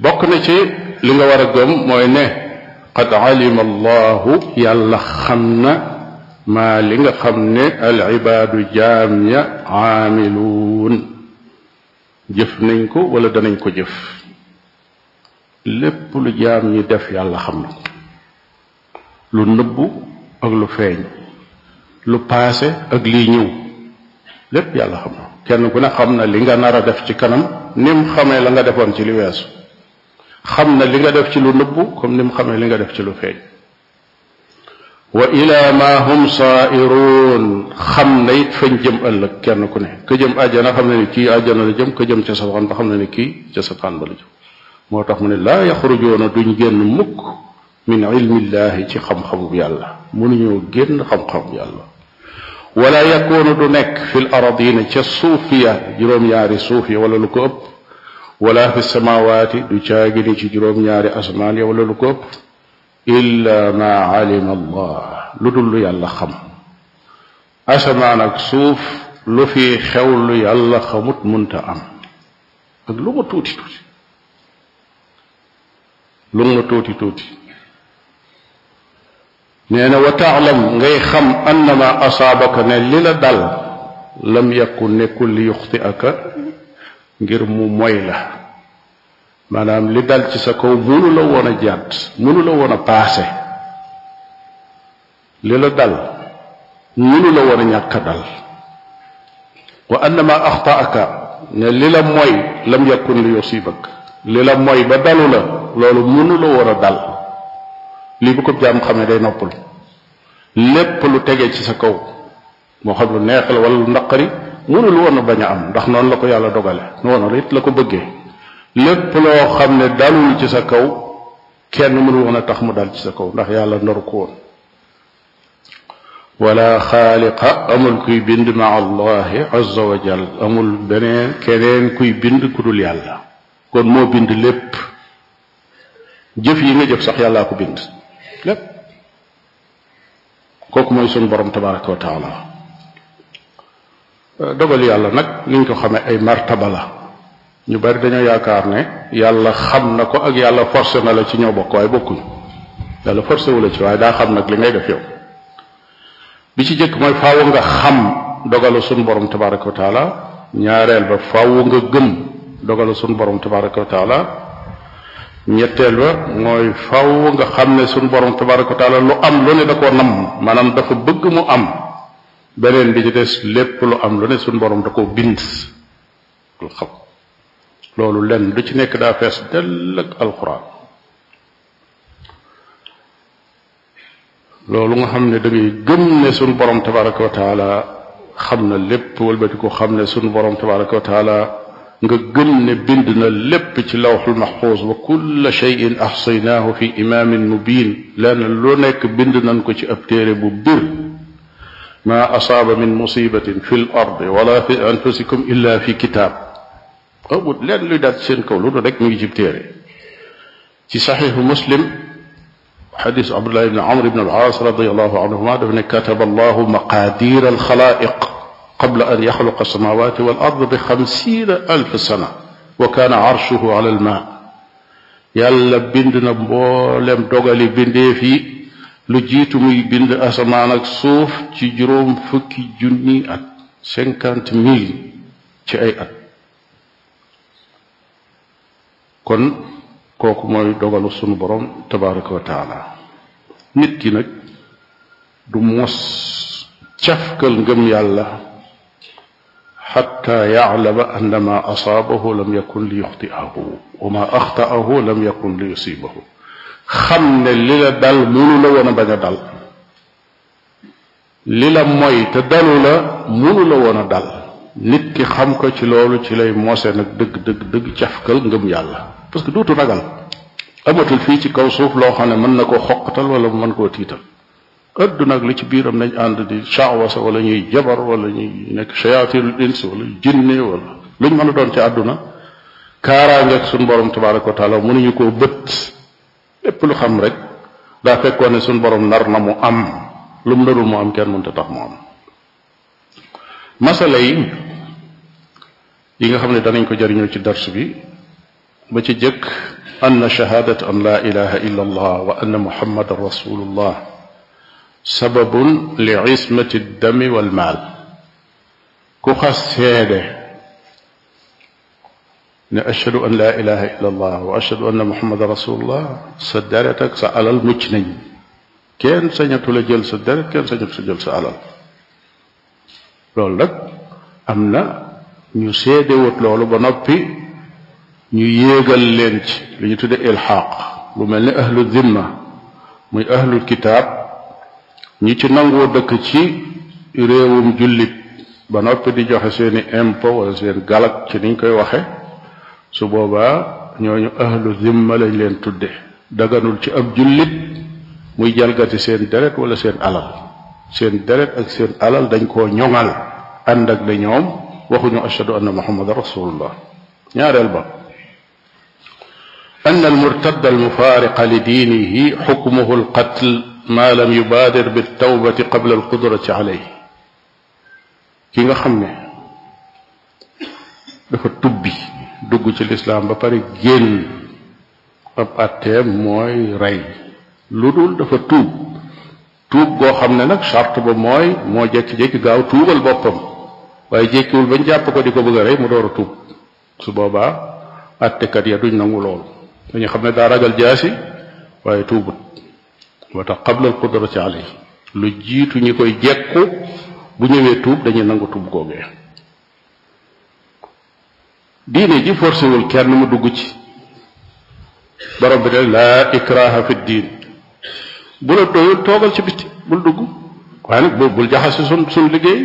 bokk na ci li nga war a gëm mooy ne qad alima allahu yàlla xam na maa li nga xam ne al ibaadu jaam ya aamiluun jëf nañ ko wala danañ ko jëf lépp lu jaam ñi def yàlla xam na ko lu nëbbu ak lu feeñ lu paase ak lii ñëw lépp yàlla xam na kenn ku ne xam na li nga nar a def ci kanam nim xame la nga defoon ci li weesu xam na li nga def ci lu nëbbu comme ni mu xamee li nga def ci lu feeñ wa ila ma hum saairuun xam na it fañ jëm ëllëg kenn ku ne ka jëm àjjana xam na ni kii àjjana la jëm ka jëm ca safaan ba xam na ni kii ca safaan ba la jëm moo tax mu ne laa yaxrujoona duñ génn mukk min ilmillahi ci xam-xamub yàlla mënuñoo génn xam-xamub yàlla wala yakuunu du nekk fil aradina ca suuf ya juróom-ñaari suuf ya wala lu ko ëpp wala fi samawaati du caagini ci juróom-ñaari asmaan ya lu ko illa ma alima allah lu dul lu yàlla asamaan ak suuf lu fi xew lu yàlla xamut lu mu tuuti tuuti lu mu tuuti wa taalam ngay xam annama asaabaka ne li la dal lam yakun nekkul li yuxti aka ngir mu moy la maanaam li dal ci sa kaw mënu la woon a jàdd mënu la woon a paase li la dal mënu la woon a ñàkk dal wa annama axtaaka ne li la moy lam yakun li yusibak li la moy ba dalu la loolu mënu la woon a dal lii bu ko jaam xamee day noppul lépp lu tegee ci sa kaw moo xam lu neex la wala lu naqari mënul woon a bañ a am ndax noonu la ko yàlla dogale noonu la ko bëggee lépp loo xam ne dalul ci sa kaw kenn mënul woon a tax mu dal ci sa kaw ndax yàlla noru ko woon xaaliqa amul kuy bind ma allahi azza wa amul beneen keneen kuy bind ku dul yàlla kon moo bind lépp jëf yi nga jëf sax yàllaa ko bind lépp kooku mooy sunu borom tabaraka wa taala dogal yàlla nag niñ ko xamee ay martaba la ñu bari dañoo yaakaar ne yàlla xam na ko ak yàlla forcé na la ci ñoo bokk waaye bokkuñu yàlla forcé la ci waaye daa xam nag li ngay def yow bi ci jëkk mooy faaw nga xam dogalu suñu borom tabaraka wa taala ñaareel ba faaw nga gëm borom tabaraka wa taala ñetteel ba mooy faaw nga xam ne sunu borom tabaraka wa taala lu am lu ne da nam maanaam dafa bëgg mu am beneen bi ci des lépp lu am lu ne suñ borom da koo bind loolu lenn lu ci nekk daa fees dell ak alxuraan loolu nga xam ne da ngay gëm ne suñ borom tabaraka wa xam na lépp wëlbati ko xam ne suñ borom tabaraka wa nga gëm ne bind na lépp ci lawxul maxfuus wa kulla cheyin axsaynaahu fi imaamin mubin lenn lu nekk bind nañ ko ci ab téere bu bir ma asaaba min musibatin fi l ardi wala fi anfusikum illa fi kitaab amut leen luy daal seen kaw lu rek mu ngi cib téere ci saxiixu muslim xadiis abdullah ibn amr ibn al-aas radiallahu anhuma daf ne kataba allahu maqadir alxalaaiq qabla an yaxluqa alsamawati wal ard bi xamsiina alf sana wa kaana arshuhu ala almaa yàlla bind na mboolem dogali bindeef yi lu jiitu muy bind asamaan suuf ci juróom fukki junni at cinquante mille ci ay at kon kooku mooy dogalu sunu borom tabaraka wa taala nit ki nag du mos cafkal ngëm yàlla xatta yaclama annama asaabahu lam yakun li yuxti'ahu wa ma axta'ahu lam yakun li yusibahu xam ne li la dal mënu la woon a bañ a dal li la mooy te dalu la mënu la woon a dal nit ki xam ko ci loolu ci lay mose nag dëgg dëgg dëgg cafkal ngëm yàlla parce que dootu ragal amatul fii ci kaw suuf loo xam ne mën na koo xoqatal wala mën koo tiital adduna ak li ci biiram nañ ànd di sa wala ñuy jabar walla ñuy nekk shayatinul ins wala jinne wala luñ mën a doon ci àdduna kaaraangeeg suñ borom tabaraka wa taala mënuñu koo bët lépp lu xam rek daa fekkoon ne suñ borom nar na mu am lu mu narul mu am kenn mënta tax mu am masala yi nga xam ne danañ ko jariñoo ci dars bi ba ci jëkk ann shahadat an la ilaha illa allah wa anna muhammadan rasulullah sababun li ismati dami wal maal ku xas seede ne ashhadu an laa ilaha illa allah wa ashhadu anna muhammadan rasulullah sa deret ak sa alal ci nañ kenn sañatu la jël sa deret kenn sañatu sa jël sa alal loolu nag am na ñu sede wot loolu ba noppi ñu yéegal leen lu ñu tudde ilxaaq lu mel ni ahlu dimma muy ahlul kitaab ñi ci nangoo dëkk ci réewum jullit ba noppi di joxe seeni impôt wala seen galak ci niñ koy waxe su boobaa ñooñu ahlu zimma lañ leen tudde daganul ci ab jullit muy jalgati seen deret wala seen alal seen deret ak seen alal dañ koo ñoŋal ànd ak la ñoom waxuñu ashhadu anna muhammadan rasulullah ñaareel ba ann almurtadda almufaariqa li diinihi xukmuhu alqatl ma lam yubaadir biltawbati qabla alqudrati alayh ki nga xam ne dafa tubbi dugg ci lislaam ba pare génn ab àtteem mooy rey lu dul dafa tuub tuub goo xam ne nag charte ba mooy moo jekki jékki gaaw tuubal boppam waaye jékkiwul bañ jàpp ko di ko bëgg a rey mu door a tuub su boobaa àttekat ya duñ nangu lool dañu xam ne daa ragal jaasi waaye tuubut moo tax qabla al qudrati lu jiitu ñu koy jekku bu ñëwee tuub dañuy nangu tuub googee diine ji forcéwul kenn mu dugg ci borom bi de laa ikraha fi diin bu la doyul toogal ci biti bul dugg waaye nag bul jaxase sun sun liggéey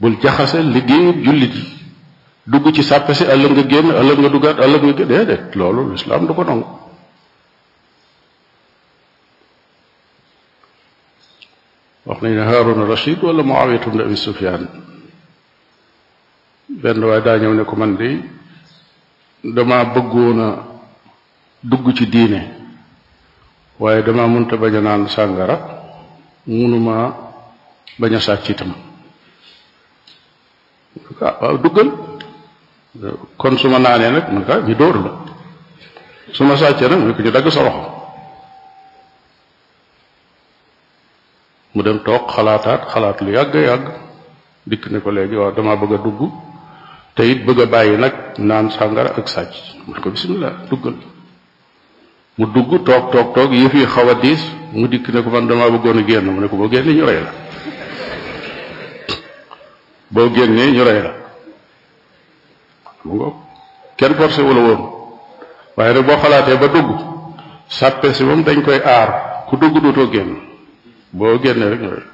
bul jaxase liggéeyu jullit yi dugg ci sàppe si ëllëg nga génn ëllëg nga duggaat ëllëg nga génn déedéet loolu lislaam du ko nangu wax nañ ne Haaruna Rashid wala Muawiyatu ibn Abi Sufyaan benn waaye daa ñëw ne ko man de dama bëggoon a dugg ci diine waaye dama mënta bañ naan sàngara mënuma bañ a sàcc itam ah, waaw duggal kon su ma naanee nag mun ko ñu dóor la su ma sàccee nag mu ko ñu dagg sa loxo mu dem toog xalaataat xalaat lu yàgg yàgg dikk ne ko léegi waaw dama bëgg a dugg te it bëgg a bàyyi nag naan sàngara ak sàcc mu ne ko bisimilah duggal mu dugg toog toog toog yëf yi xaw a diis mu dikk ne ko man dama bëggoon a génn mu ne ko boo génnee ñu rey la génnee ñu rey la kenn forcé wala woon waaye nag boo xalaatee ba dugg sàppe si moom dañ koy aar ku dugg dootoo génn boo génnee rek ñu rey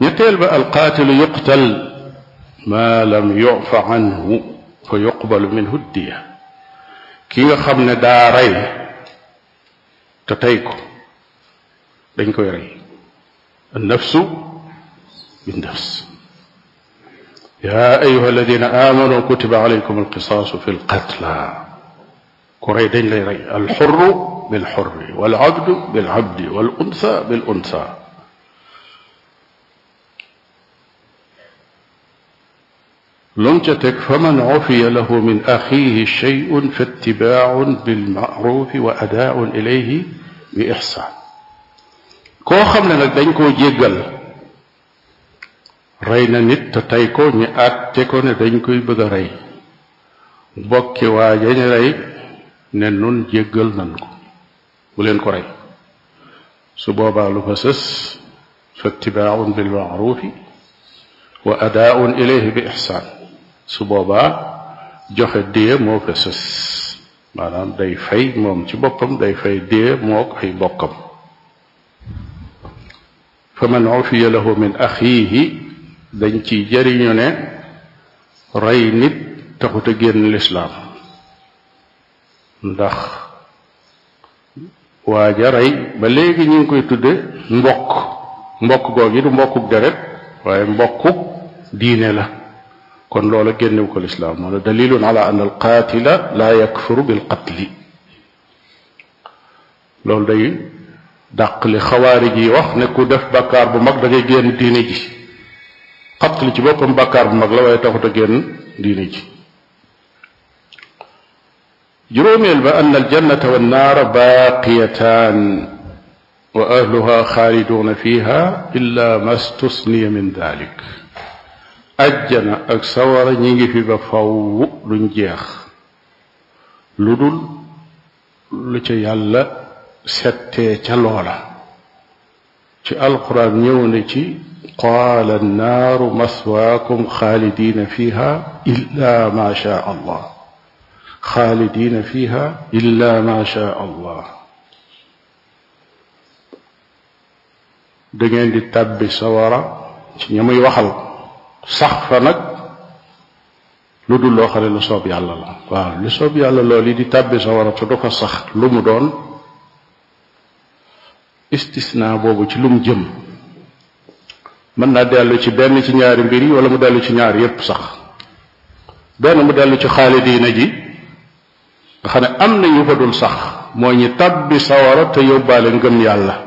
ñetteel ba alqaatilu yuqtal maa lam yufa anhu fa yuqbalu minhu diya ki nga xam ne daa rey te tey ko dañ koy rey annafsu binnafs yaa ayuha alladina amanu kutiba alaykum alqisaasu fi lqatla ku rey dañ lay rey alxurru bilxurri walabdu bilabdi wal unsa bil unsa lum ca teg faman ufiya lahu min axiihi shay'un fa ittibaaun bilmaarufi wa adaaun ilayhi bi ixsaan koo xam ne nag dañ koo jéggal rey na nit te tey ko ñu àtte ko ne dañ koy bëgg a rey bokki waa jañ ne nun jéggal nan ko bu ko rey su boobaa lu fa sës wa adaaun ilayhi bi ixsaan su boobaa joxe dee moo ko sës maanaam day fay moom ci boppam day fay dee moo ay bokkam fa man ufiya lahu min axiihi dañ ci jariñu ne rey nit taxut a génn lislaam ndax waaja rey ba léegi ñu ngi koy tudde mbokk mbokk googi du mbokkuk deret waaye mbokkuk diine la kon loola génnewu ko lislaam wala dalilun ala an alqaatila laa yakfuru bilqatli loolu day dàq li xawaarij yi wax ne ku def bàkkaar bu mag da ngay génn diine ji xatli ci boppam bàkkaar bu mag la waaye taxut a génn diine ji juróomeel ba an aljannata wa annaara baaqiyataan wa ahluha xaaliduuna fiha illa ma stusniya min dalik ajjana ak sawara ñi ngi fi ba faw duñ jeex lu dul lu ca yàlla settee ca loola ci alquran ñëw na ci qaala annaaru maswaakum xaalidina fiha illa ma sha allah fiha illa ma sha allah da ngeen di sawara ci ña waxal sax fa nag lu dul loo xam lu soob yàlla la waaw lu soob yàlla lool yi di tàbbi sa war a te du fa sax lu mu doon istisna boobu ci lu mu jëm mën naa dellu ci benn ci ñaari mbir yi wala mu dellu ci ñaar yépp sax benn mu dellu ci xaalidiina ji nga xam ne am na ñu fa dul sax moo ñi tàbbi sawara te yóbbaale ngëm yàlla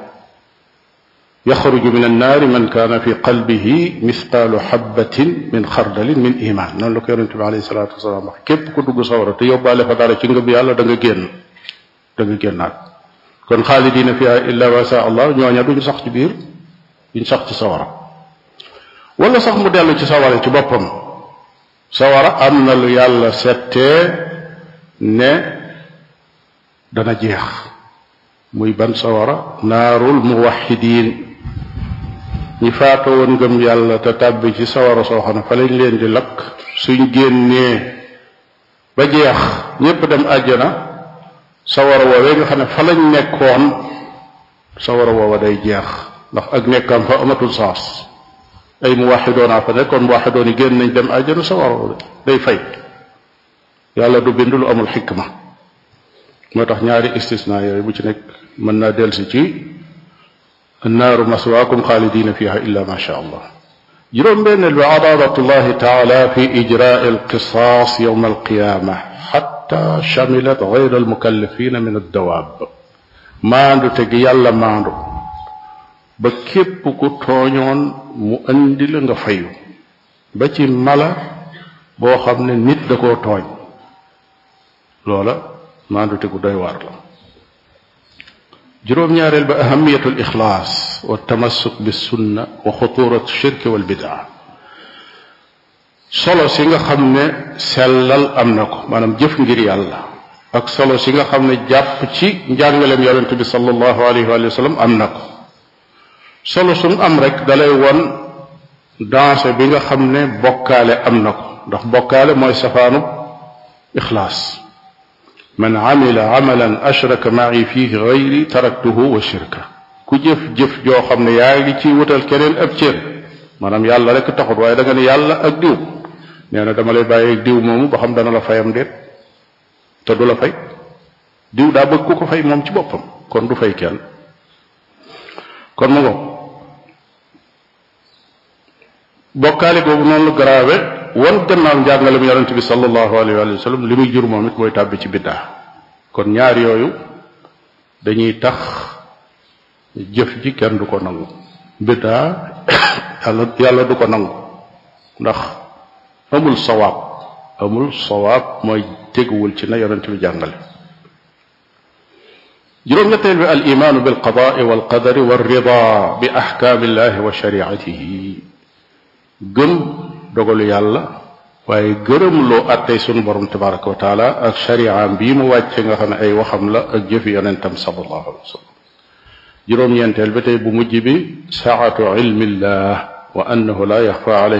yaxruju min annaari man kaana fi qalbihi misqaalu xabbatin min xardalin min iman noonu la ko yonente bi alayhi salaatu wasalaam wax képp ku dugg sawara te yóbbaale fa dara ci ngëm yàlla da nga génn da nga génnaat kon xaalidina fiha illa ma saa allah ñooña duñ sax ci biir duñ sax ci sawara wala sax mu dellu ci sawara ci boppam sawara am na lu yàlla settee ne dana jeex muy ban sawara naarul muwaxidiin ñi faatoo woon ngëm yàlla te tàbbi ci sawara soo xam ne fa lañ leen di lakk suñ génnee ba jeex ñépp dem àjjana sawara woowee nga xam ne fa lañ nekkoon sawara woowa day jeex ndax ak nekkaam fa amatul saas ay muwaxidoonaa fa nekkoon muwaxidoon yi génn nañ dem àjjana sawara woowa day fay yàlla du bind lu amul xikma moo tax ñaari istisna yooyu mu ci nekk mën naa delsi ci annaaru maswaakum xaalidiina fiha illa ma sha allah juróom-benneel bi adaabatu llahi taala fi ijraa alqisaas yowma alqiyaama xatta shamilat gayra almukallafina min addawaab maandu teg yàlla maandu ba képp ku tooñoon mu andi la nga fayu ba ci mala boo xam ne nit da koo tooñ loola maandu tegu doy waar la juróom-ñaareel ba ahamiyatu lixlaas wa tamassuk bi sunna wa xuturat shirk wal bidaa solo si nga xam ne sellal am na ko maanaam jëf ngir yàlla ak solo si nga xam ne jàpp ci njàngaleem yonente bi sallallahu alayhi wa sallam am na ko solo su am rek dalay won danse bi nga xam ne bokkaale am na ko ndax bokkaale mooy safaanu ixlaas man amila amalan ashraka ma'i fii ghayri taraktuhu wa shirka ku jëf-jëf joo xam ne yaa ngi ci wutal keneen ab cër maanaam yàlla rek taxut waaye da ne yàlla ak diw nee na dama lay bàyyi diw moomu ba xam dana la fayam déet te du la fay diw daa bëgg ku ko fay moom ci boppam kon du fay kenn kon mu bokkaale googu noonu lu wan gannaaw njàngale mu yonente bi sallallahu alayhi wa sallam li muy jur moom it mooy tàbbi ci biddaa kon ñaar yooyu dañuy tax jëf ji kenn du ko nangu biddaa yàlla yàlla du ko nangu ndax amul sawaab amul sawaab mooy teguwul ci na yonente bi jàngale juróom-ñetteel bi al imaanu bil qadaai wal qadari wa rida bi ahkaamillahi wa shariatihi gëm dogalu yàlla waaye gërëm loo attey sunu borom tabaraka wa taala ak shari'am bii mu wàcce nga xam ne ay waxam la ak jëfi yonentam sallallahu alayhi wa sallam juróom-ñeenteel ba tey bu mujj bi saatu ilmillah wa annahu la yaatu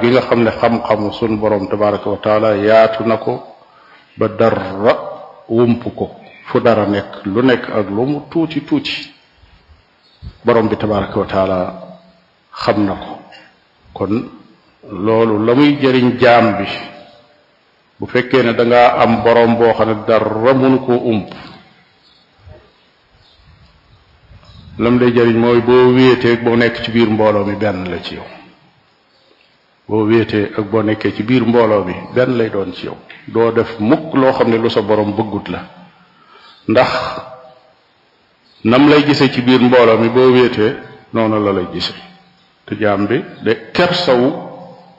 gi nga xam ne xam-xamu sunu borom tabaraka wa taala yaatu na ko ba dara wump fu dara nekk lu nekk ak lu mu tuuti tuuti borom bi tabaraka wa taala xam na ko kon loolu la muy jëriñ jaam bi bu fekkee ne danga am borom boo xam ne dara mënu koo ump lam lay jëriñ mooy boo wéetee ak boo nekk ci biir mbooloo mi benn la ci boo wéetee ak boo nekkee ci biir mbooloo mi benn lay doon ci yow doo def mukk loo xam ne lu sa borom bëggut la ndax nam lay gisee ci biir mbooloo mi boo wéetee noonu la lay gisee te jaam bi de kersawu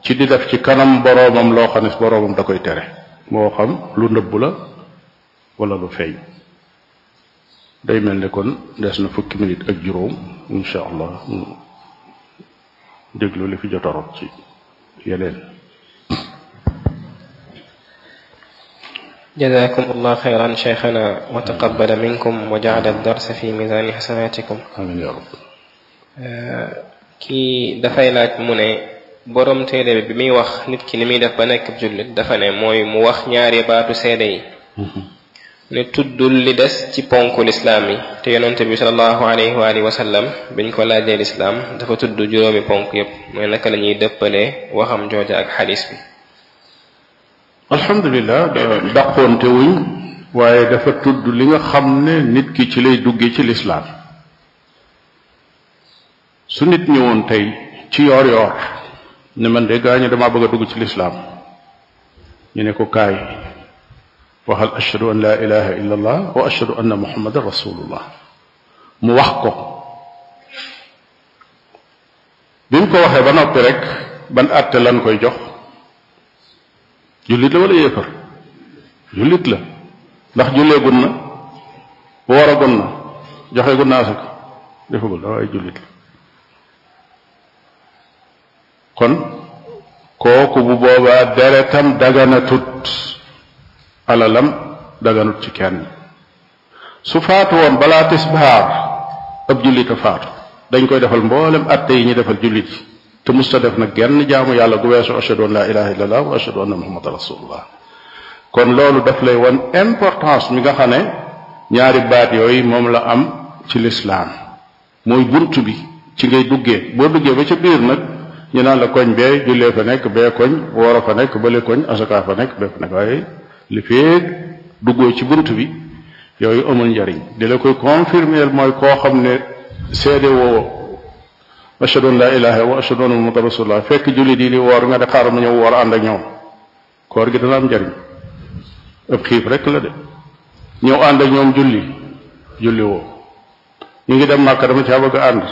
ci di def ci kanam boroomam loo xam ne boroomam da koy tere moo xam lu nëbb la wala lu feeñ day mel ni kon des na fukki minute ak juróom insha allah mu déglu li fi jotorot ci yeneen جزاكم الله خيرا شيخنا وتقبل منكم وجعل الدرس في ميزان حسناتكم آمين يا kii dafay laaj mu ne boroom seede bi bi muy wax nit ki ni muy def ba nekk jullit dafa ne mooy mu wax ñaari baatu seede yi mm-hmm. ne tuddul li des ci ponk lislaam yi te yonente bi salallahu alayhi wa alihi wa sallam ko laajee lislaam dafa tudd juróomi ponk yépp mooy naka lañuy ñuy dëppalee waxam jooja ak xadis bi alhamdulilah dàqoonte wuñ waaye dafa tudd li nga xam ne nit ki ci lay duggee ci lislaam su nit ñëwoon tey ci yoor yoor ne man de gaañu damaa bëgg a dugg ci lislaam ñu ne ko kaay waxal ashhadu an laa ilaha illa allah wa ashhadu anna mu wax ko bi mu ko waxee ba noppi rek ban àtte lan koy jox jullit la wala yéefar jullit la ndax jullee gun na woor a gun na joxe gun naa asaka defagul da jullit la kon kooku bu boobaa deretam daganatut alalam daganut ci kenn su faatu woon balaa tisbaar ab jullit a faatu dañ koy defal mboolem atte yi ñu defal jullit yi te musta def nag genn jaamu yàlla gu weesu ashadu an la ilaha illa allah wa ashadu anna muhammadan rasulullah kon loolu daf lay won importance mi nga xam ne ñaari baat yooyu moom la am ci lislaam mooy bunt bi ci ngay duggee boo duggee ba ca biir nag ñu naan la koñ bee jullee fa nekk bee koñ woor a fa nekk bële koñ asaka fa nekk bee fa nekk waaye li feeg duggoo ci bunt bi yooyu amul njariñ di la koy confirmer mooy koo xam ne seede woo ashhadu an laa ilaha wa ashhadu anna muhammadan rasulullah fekk julli di li woor nga de xaaral ma ñëw woor ànd ak ñoom koor gi dana am njariñ ëpp xiif rek la de ñëw ànd ak ñoom julli julli woo ñu ngi dem màkka dama caa bëgg ànd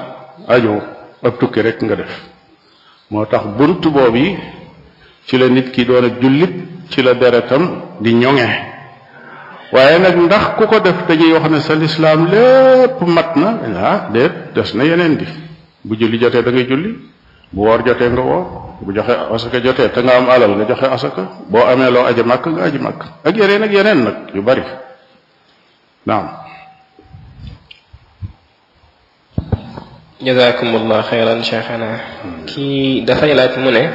ajo ab tukki rek nga def moo tax bunt boobu yi ci la nit ki doon a jullit ci la deretam di ñoŋe waaye nag ndax ku ko def dañuy wax ne sa lislaam lépp mat na ah déet des na yeneen di bu julli jotee da ngay julli bu woor jotee nga woo bu joxe asaka jotee ta nga am alal nga joxe asaka boo amee loo aji màkk nga aji màkk ak yeneen ak yeneen nag yu bari naam jazakumullah xeyran cheikhana kii dafay laaj mu ne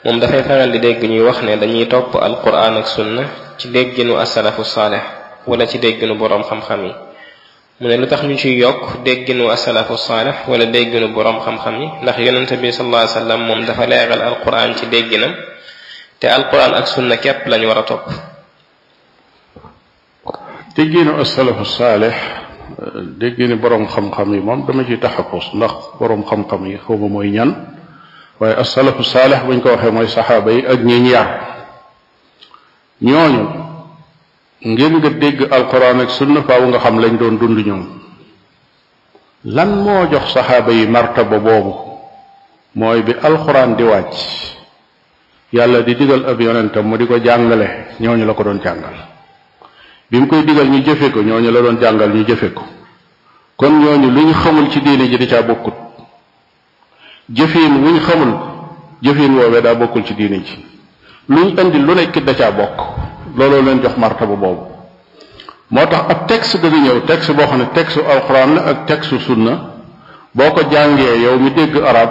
moom dafay faral di dégg ñuy wax ne dañuy topp alquran ak sunna ci dégginu asalafu saaleh wala ci dégginu boroom xam-xam yi mu ne lu tax ñu ciy yokk dégginu asalafu saaleh wala dégginu boroom xam-xam yi ndax yonente bi sallallahu alayhi wasallam moom dafa leeral alquran ci dégginam te alquran ak sunna képp lañu war a topp dégg ni borom xam-xam yi moom dama ci taxakus ndax boroom xam-xam yi xawma mooy ñan waaye asalafu saalix buñ ko waxee mooy saxaaba yi ak ñi yar ñooñu ngir nga dégg alquran ak sunna faaw nga xam lañ doon dund ñoom lan moo jox saxaaba yi martaba boobu mooy bi alxuraan di wàcc yàlla di digal ab yonentam mu di ko jàngale ñooñu la ko doon jàngal bi mu koy digal ñu jëfe ko ñooñu la doon jàngal ñu jëfe ko kon ñooñu lu ñu xamul ci diine ji da caa bokkut jëfin wuñ xamul jëfin woowee daa bokkul ci diine ji luñ indi lu nekkit da caa bokk looloo leen jox martaba boobu moo tax ab texte dana ñëw texte boo xam ne texte alquran la ak texte sunna boo ko jàngee yow mu dégg arab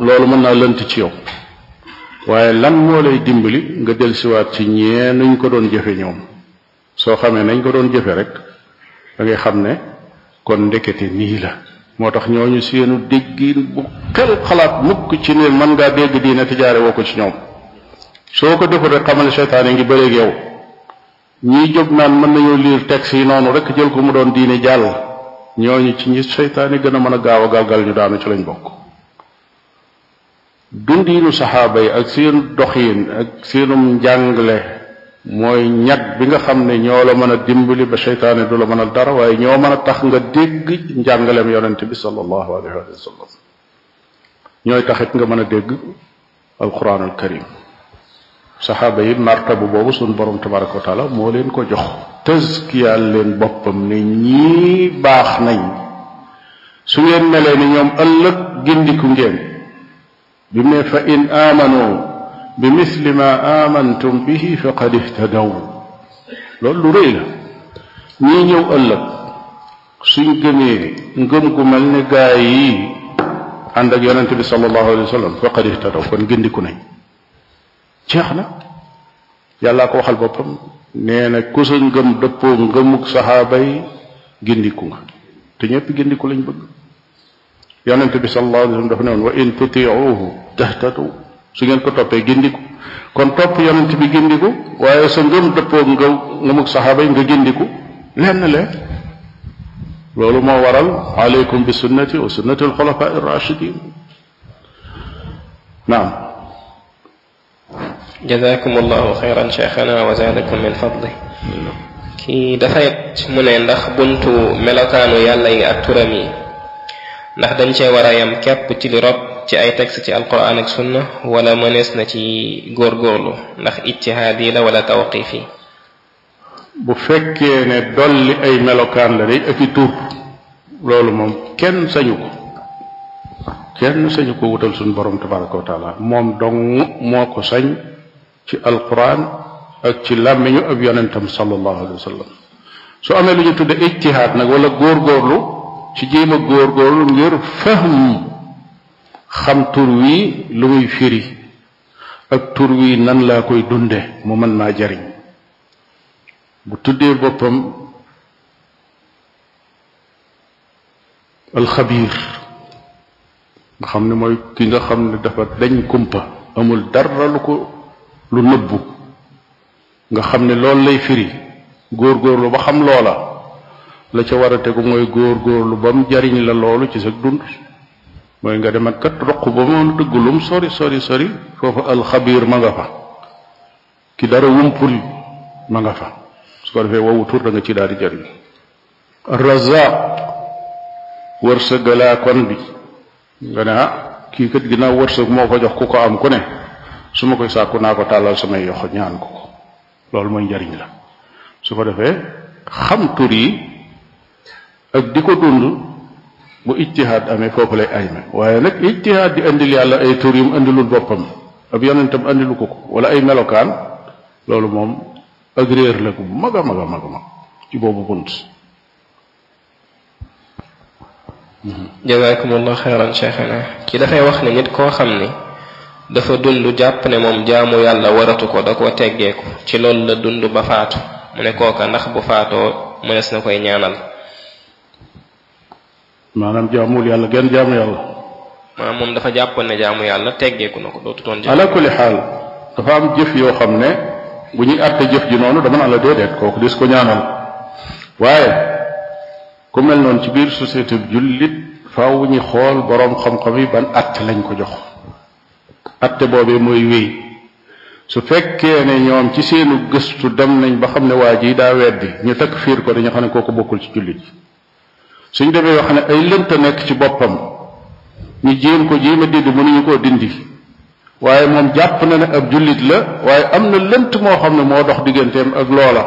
loolu mën naa lënt ci yow waaye lan moo lay dimbali nga siwaat ci ñee nuñ ko doon jëfe ñoom soo xamee nañ ko doon jëfe rek da ngay xam ne kon ndekete nii la moo tax ñooñu seenu déggin bu xel xalaat mukk ci ne mën ngaa dégg diine te jaare woo ko ci ñoom soo ko defut rek xamal seytaane ngi bëreeg yow ñiy jóg naan mën nañu liir teg si noonu rek jël ko mu doon diine jàll ñooñu ci ñi seytaane gën a mën a gaaw a galgal ñu daanu ci lañu bokk dundiinu saxaaba yi ak seenu doxiin ak seenum njàngle mooy ñag bi nga xam ne ñoo la mën a dimbali ba seytaane du la mën a dara waaye ñoo mën a tax nga dégg njàngaleem yonente bi sallallahu alayhi wa sallam ñooy taxit nga mën a dégg alquran al karim saxaaba yi martabu boobu suñ borom tabaraka wa taala moo leen ko jox tëskiyaal leen boppam ne ñii baax nañ su ngeen melee ni ñoom ëllëg gindiku ngeen bi mu ne fa in amanu bi misli ma amantum bihi faqad ihtadaw loolu lu rëy la ñii ñëw ëllëg suñ gëmee ngëm gu mel ne gaa yi ànd ak yonente bi sallallahu alayhi wa sallam faqad ihtadaw kon gëndiku nañ jeex na yàllaa ko waxal boppam nee na ku sa ngëm dëppoo ngëmuk saxaaba yi gindiku nga te ñëpp gindiku lañ bëgg yonente bi sallallahu alayhi wa sallam dafa ne woon wa in tutiuhu tahtadu su ngeen ko topp gindiku kon topp yonent bi gindiku waaye sa ngëm dëppoog nga ngëmug saxaaba yi nga gindiku lenn leen loolu moo waral aleykum bi sunnati wa sunnati alxulafa irrachidin naam jazakum allahu xayran cheikhana wa zaadakum min fadli kii dafay mu ne ndax buntu melokaanu yàlla yi ak turam ndax dañ cee war a yam képp ci li ci ay texte ci alquran ak sunna wala mënees na ci góorgóorlu ndax ijtihaad yi la wala tawqif yi bu fekkee ne dolli ay melokaan la day ak i loolu moom kenn sañu ko kenn sañu ko wutal suñu borom tabaraka wa moom dong moo ko sañ ci alquran ak ci làmmiñu ab yonentam sallallahu alayhi amee lu ñu tudde ijtihaad nag wala góorgóorlu ci jéem a góorgóorlu ngir fahmu xam tur wi lu muy firi ak tur wii nan laa koy dunde mu mën maa jariñ bu tuddee boppam alxabiir nga xam ne mooy ki nga xam ne dafa dañ kumpa amul dara lu ko lu nëbbu nga xam ne loolu lay firi góor góorlu ba xam loola la ca war a tegu mooy góor góorlu ba mu jariñ la loolu ci sa dund mooy nga dem ak kat roq ba moom dëgg lum sori sori sori foofu alxabiir ma nga fa ki dara wumpul ma nga fa su ko defee wowu tur da ci daal di jariñ arrazaq wërsëgalaa kon bi nga ne ah kii kat ginnaaw wërsëg moo ko jox ku ko am ku ne su ma koy sàkku naa ko tàllal samay yoxo ñaan ko ko loolu mooy njariñ la su ko defee xam tur yi ak di ko dund bu ijtihaad amee foofu lay ayme waaye nag ijtihaad di indil yàlla ay tur yu indilul boppam ab yonentam indilu ko ko wala ay melokaan loolu moom ak la ko bu mag a mag a mag ci boobu bunt jazakumullah xeyran cheikhana ki dafay wax ne nit koo xam ni dafa dund jàpp ne moom jaamu yàlla waratu ko da koo teggeeku ci loolu la dund ba faatu mu ne kooka ndax bu faatoo mënees na koy ñaanal maanaam jaamul yàlla genn jaamu yàlla. maanaam moom dafa jàppoon ne jaamu yàlla teggeeku na ko dootu doon. ala kulli xaal dafa am jëf yoo xam ne bu ñuy àtte jëf ji noonu dama naa la déedéet kooku des ko ñaanal waaye ku mel noonu ci biir société bi jullit faaw ñu xool boroom xam-xam yi ban àtte lañ ko jox àtte boobee mooy wéy su fekkee ne ñoom ci seenu gëstu dem nañ ba xam ne waa ji daa weddi ñu takk fiir ko dañu xam ne kooku bokkul ci jullit. suñ demee wax ne ay lënt a nekk ci boppam ñu jéem ko jéem a dindi mënuñu koo dindi waaye moom jàpp na ne ab jullit la waaye am na lënt moo xam ne moo dox digganteem ak loola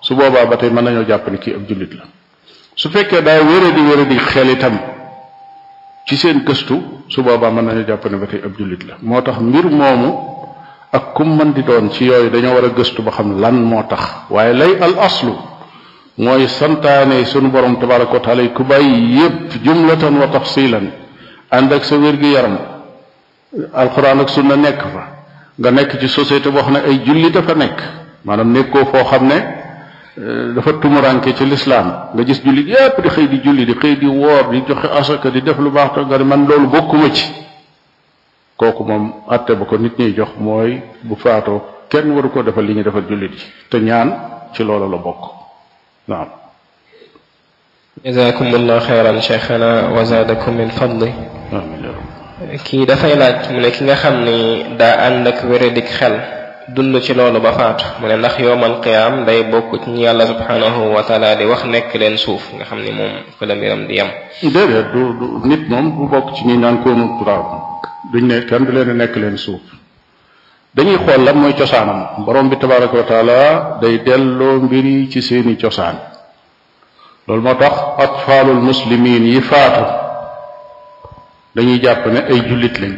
su boobaa ba tey mën nañoo jàpp ne kii ab jullit la su fekkee daa wéradi wéradi xel itam ci seen gëstu su boobaa mën nañu jàpp ne ba tey ab jullit la moo tax mbir moomu ak kum mën di doon ci yooyu dañoo war a gëstu ba xam lan moo tax waaye lay al aslu mooy santaane sunu borom tabaraka wa ku bàyyi yépp jumlatan wa tafsilan ànd ak sa wér-gi-yaram alquran ak sunna nekk fa nga nekk ci société boo xam ne ay julli dafa nekk maanaam nekkoo foo xam ne euh, dafa tumuranke ci lislaam nga gis julli yépp di xëy di julli di xëy di woor di joxe asaka di def lu baax te nga ne man loolu bokkuma ci kooku moom atte ba ko nit ñi jox mooy bu faatoo kenn waru ko defal li ñu defal jullit yi te ñaan ci loola la bokk naam jazakumullah xeyran cheikhana wa zaadakum min fadli kii dafay laaj mu ne ki nga xam ni daa ànd ak wéradik xel dund ci loolu ba faatu mu ne ndax yowmal qiyaam day bokk ci ñu yàlla subhanahu wa di wax nekk leen suuf nga xam ni moom fa la di yem déedéet du nit moom bu bokk ci ñi naan koonu turaabu duñ nekk leen suuf dañuy xool lan mooy cosaanam borom bi tabaraka wa day delloo mbir yi ci seeni cosaan loolu moo tax atfaalul muslimin yi faatu dañuy jàpp ne ay jullit lañ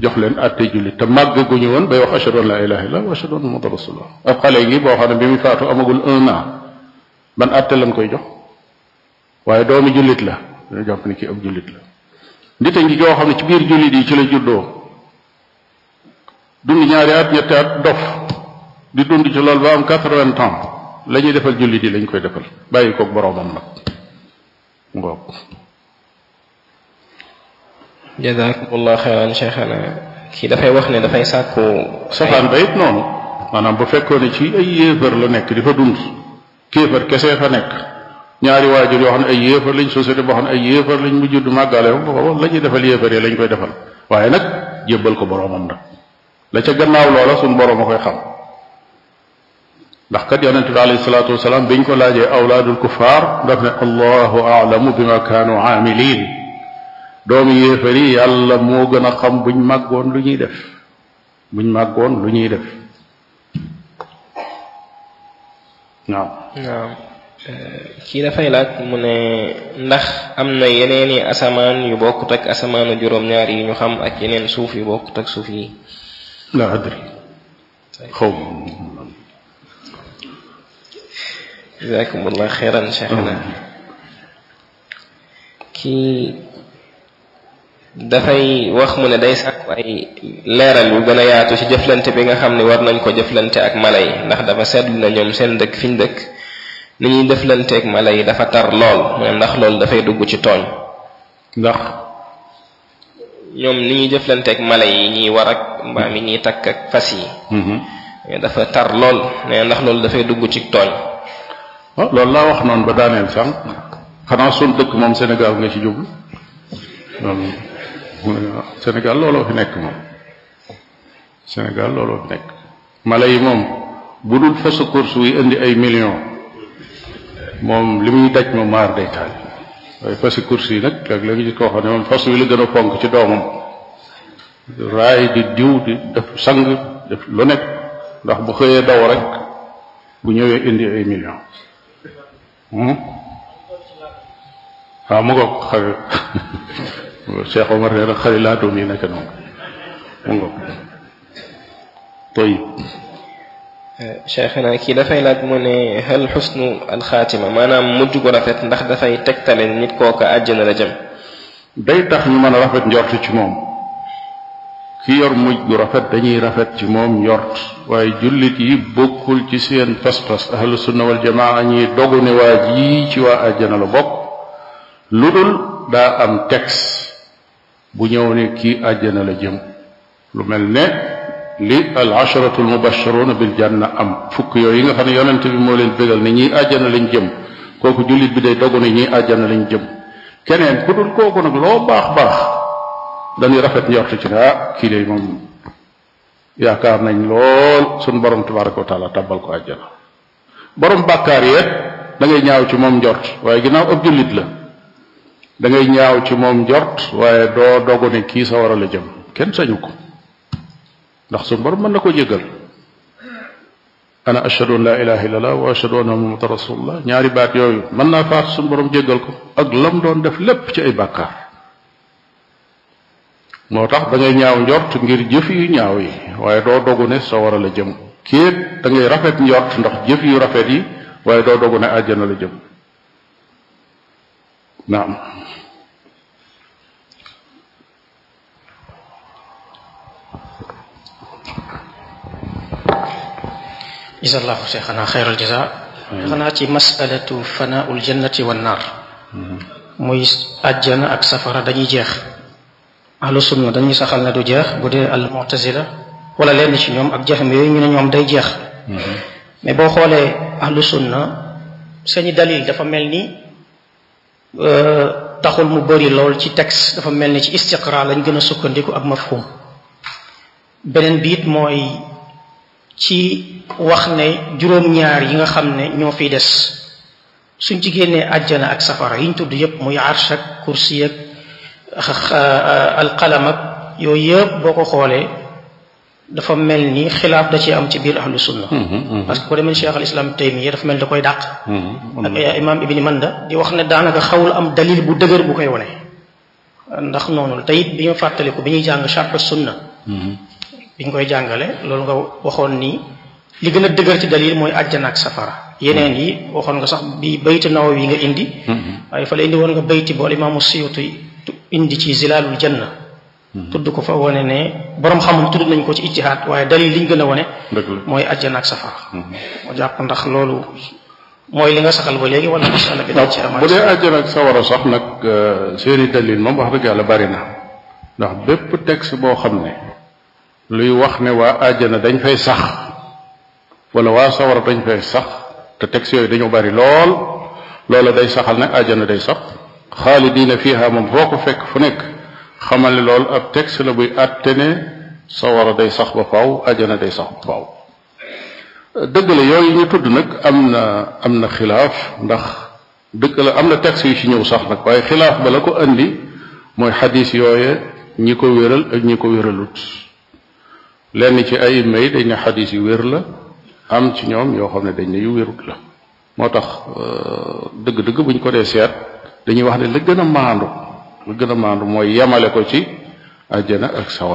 jox leen àttee jullit te màgg gu ñu woon bay wax ashhadu an la ilaha illallah wa ashhadu anna muhammadan rasulullah ab xale gi boo xam ne bi muy faatu amagul un an ban àtte lañ koy jox waaye doomi jullit la dañu jàpp kii ab jullit la ndite ngi yoo xam ne ci biir jullit yi ci la juddoo dund ñaari at ñetti at dof di dund ci loolu ba am quatre-vingts ans la defal jullit yi lañ koy defal bàyyi koog boroomam nag ngoog jazakumullah xeyran cheikhana kii dafay wax ne dafay sàkku sofaan ba it noonu maanaam bu fekkoo ne ci ay yéefar la nekk di fa dund kéefar kese fa nekk ñaari waajur yoo xam ne ay lañ société boo ne ay yéefar lañ mu judd màggale la ñuy defal yéefar yi lañ koy defal waaye nag jébbal ko boroomam nag la ca gannaaw loola suñ boroom a koy xam ndax kat yonente bi alayhi salaatu wasalaam ko laajee awlaadul kufaar daf ne allahu aalamu bi ma kaanu aamiliin xam buñ màggoon lu ñuy def buñ màggoon lu ñuy def waaw waaw kii dafay laaj mu ne ndax am na yeneeni asamaan yu bokkut ak asamaanu juróom-ñaar yi ñu xam ak yeneen suuf yu bokkut ak suuf yi laa adri xaw ma. jazakumullah xeyran cheikhna kii dafay wax mu ne day sàkku ay leeral yu gën a yaatu ci jëflante bi nga xam ne war nañ ko jëflante ak mala yi ndax dafa seetlu na ñoom seen dëkk fiñ ñu dëkk ni ñuy jëflanteeg mala yi dafa tar ndax dafay dugg ci tooñ. ndax ñoom mala yi ñuy war ak. mbaam yi ñuy takk ak fas yi mm-hmm. dafa tar lool ne ndax loolu dafay dugg ci tooñ waaw oh, loolu laa wax noon ba daaneel sànq xanaa sun dëkk moom Sénégal nga ci jublu Sénégal looloo fi nekk moom Sénégal looloo mala yi moom bu dul fasu course yi indi ay million moom li muy daj ma maar day taal waaye fasu course yi nag léeg-léeg nga gis koo xam ne moom fas wi la gën a fonk ci doomam raay di diw di def sang def lu nekk ndax bu xëyee daw rek bu ñëwee indi ay million waaw hmm? ah, mu ngoog xari Cheikh Omar nee laa doon yi nekk noonu mu ngoog tayib cheikhana kii dafay laaj mu ne hal xusnu alxaatima maanaam mujj ko rafet ndax dafay tegtale nit kooka àjjana la jëm day tax ñu mën a rafet njorti ci moom ki yor mujj gu rafet dañuy rafet ci moom njort waaye jullit yi bokkul ci seen pas-pas ahlu sunna wal jamaa ñuy dogu ne waa jii ci waa àjjana la bokk lu dul daa am texte bu ñëw ne kii àjjana la jëm lu mel ne li al asharatu al mubasharuna bil am fukk yooyu nga xam ne yonent bi moo leen bégal ne ñii àjjana lañ jëm kooku jullit bi day dogu ne ñii àjjana lañ jëm keneen ku dul kooku nag loo baax baax dañuy rafet njortu ci ne ah kii de moom yaakaar nañ lool sunu borom tabaraka wa taala tabbal ko àjjana borom bàkkaar yeeg dangay ñaaw ci moom njort waaye ginnaaw ab jullit la dangay ñaaw ci moom njort waaye doo dogu ne kii sa war a la jëm kenn sañu ko ndax sunu borom mën na ko jéggal ana ashhadu an la ilaha illallah wa ashhadu anna muhammadan rasulullah ñaari baat yooyu mën naa faat sunu boroom jéggal ko ak lam doon def lépp ci ay bàkkaar moo tax da ñaaw njort ngir jëf yu ñaaw yi waaye doo dogu ne sa war a la jëm kéet da rafet njort ndax jëf yu rafet yi waaye doo dogu ne àjjana la jëm naam jazaallaahu cheikhana xayral jaza xanaa ci masalatu fanaul jannati wannaar mm-hmm. muy àjjana ak safara dañuy jeex ahlu sunna dañuy saxal ne du jeex bu dee al la wala lenn ci ñoom ak jaxam yooyu ñu ne ñoom day jeex mhm. mais boo xoolee ahlu sunna seeni dalil dafa mel ni euh, taxul mu bëri lool ci texte dafa mel ni ci istiqra lañ gën a sukkandiku ak mafhum beneen biit mooy ci wax ne juróom-ñaar yi nga xam ne ñoo fiy des suñ ci génnee àjjana ak safara yiñ tudd yépp muy arsh kursi ak al ak yooyu yëpp boo ko xoolee dafa mel ni xilaaf da ci am ci biir ahlu sunna mm-hmm, mm-hmm. parce que ko demee cheikh al islam taymiya dafa mel da koy dàq mm-hmm, ak imam ibni manda di wax ne daanaka xawul am dalil bu dëgër bu koy wone ndax noonu te it bi ñu fàttaliku bi ñuy jàng sharh sunna bi ñu koy jàngale loolu nga waxoon nii li gën a dëgër ci dalil mooy àjjana ak safara yeneen yi waxoon nga sax bi bayti nawawi nga indi waaye fa la indi woon nga bayti bu al indi ci zilaalul janna mhm. tudd ko fa wane ne boroom xamul tudd nañ ko ci ijtihaad waaye dalil liñ gën a wone mooy ajjana ak safara mhm. moo jàpp ndax loolu mooy li nga saxal ba léegi wala masala bi ci amaat bu dee ajjana ak safara sax nag euh, seeni dalil moom wax dëgg yàlla bari na ndax bépp texte boo xam ne luy wax ne waa àjjana dañ fay sax wala waa sawara dañ fay sax te texte yooyu dañu bari lool loola day saxal nag ajjana day sax xaalidiina fii moom foo ko fekk fu nekk xamal ne lool ab texte la buy àtte ne sawara day sax ba faaw ajana day sax ba faaw dëgg la yooyu ñu tudd nag am na am na xilaaf ndax dëgg la am na texte yu ci ñëw sax nag waaye xilaaf ba la ko indi mooy xadis yooye ñi ko wéral ak ñi ko wéralut lenn ci ay may dañ ne xadis yu wér la am ci ñoom yoo xam ne dañ ne yu wérut la moo tax euh, dëgg-dëgg buñ ko dee seet dañuy wax ne la gën a maandu la gën a maandu mooy yemale ko ci àjjana ak sawar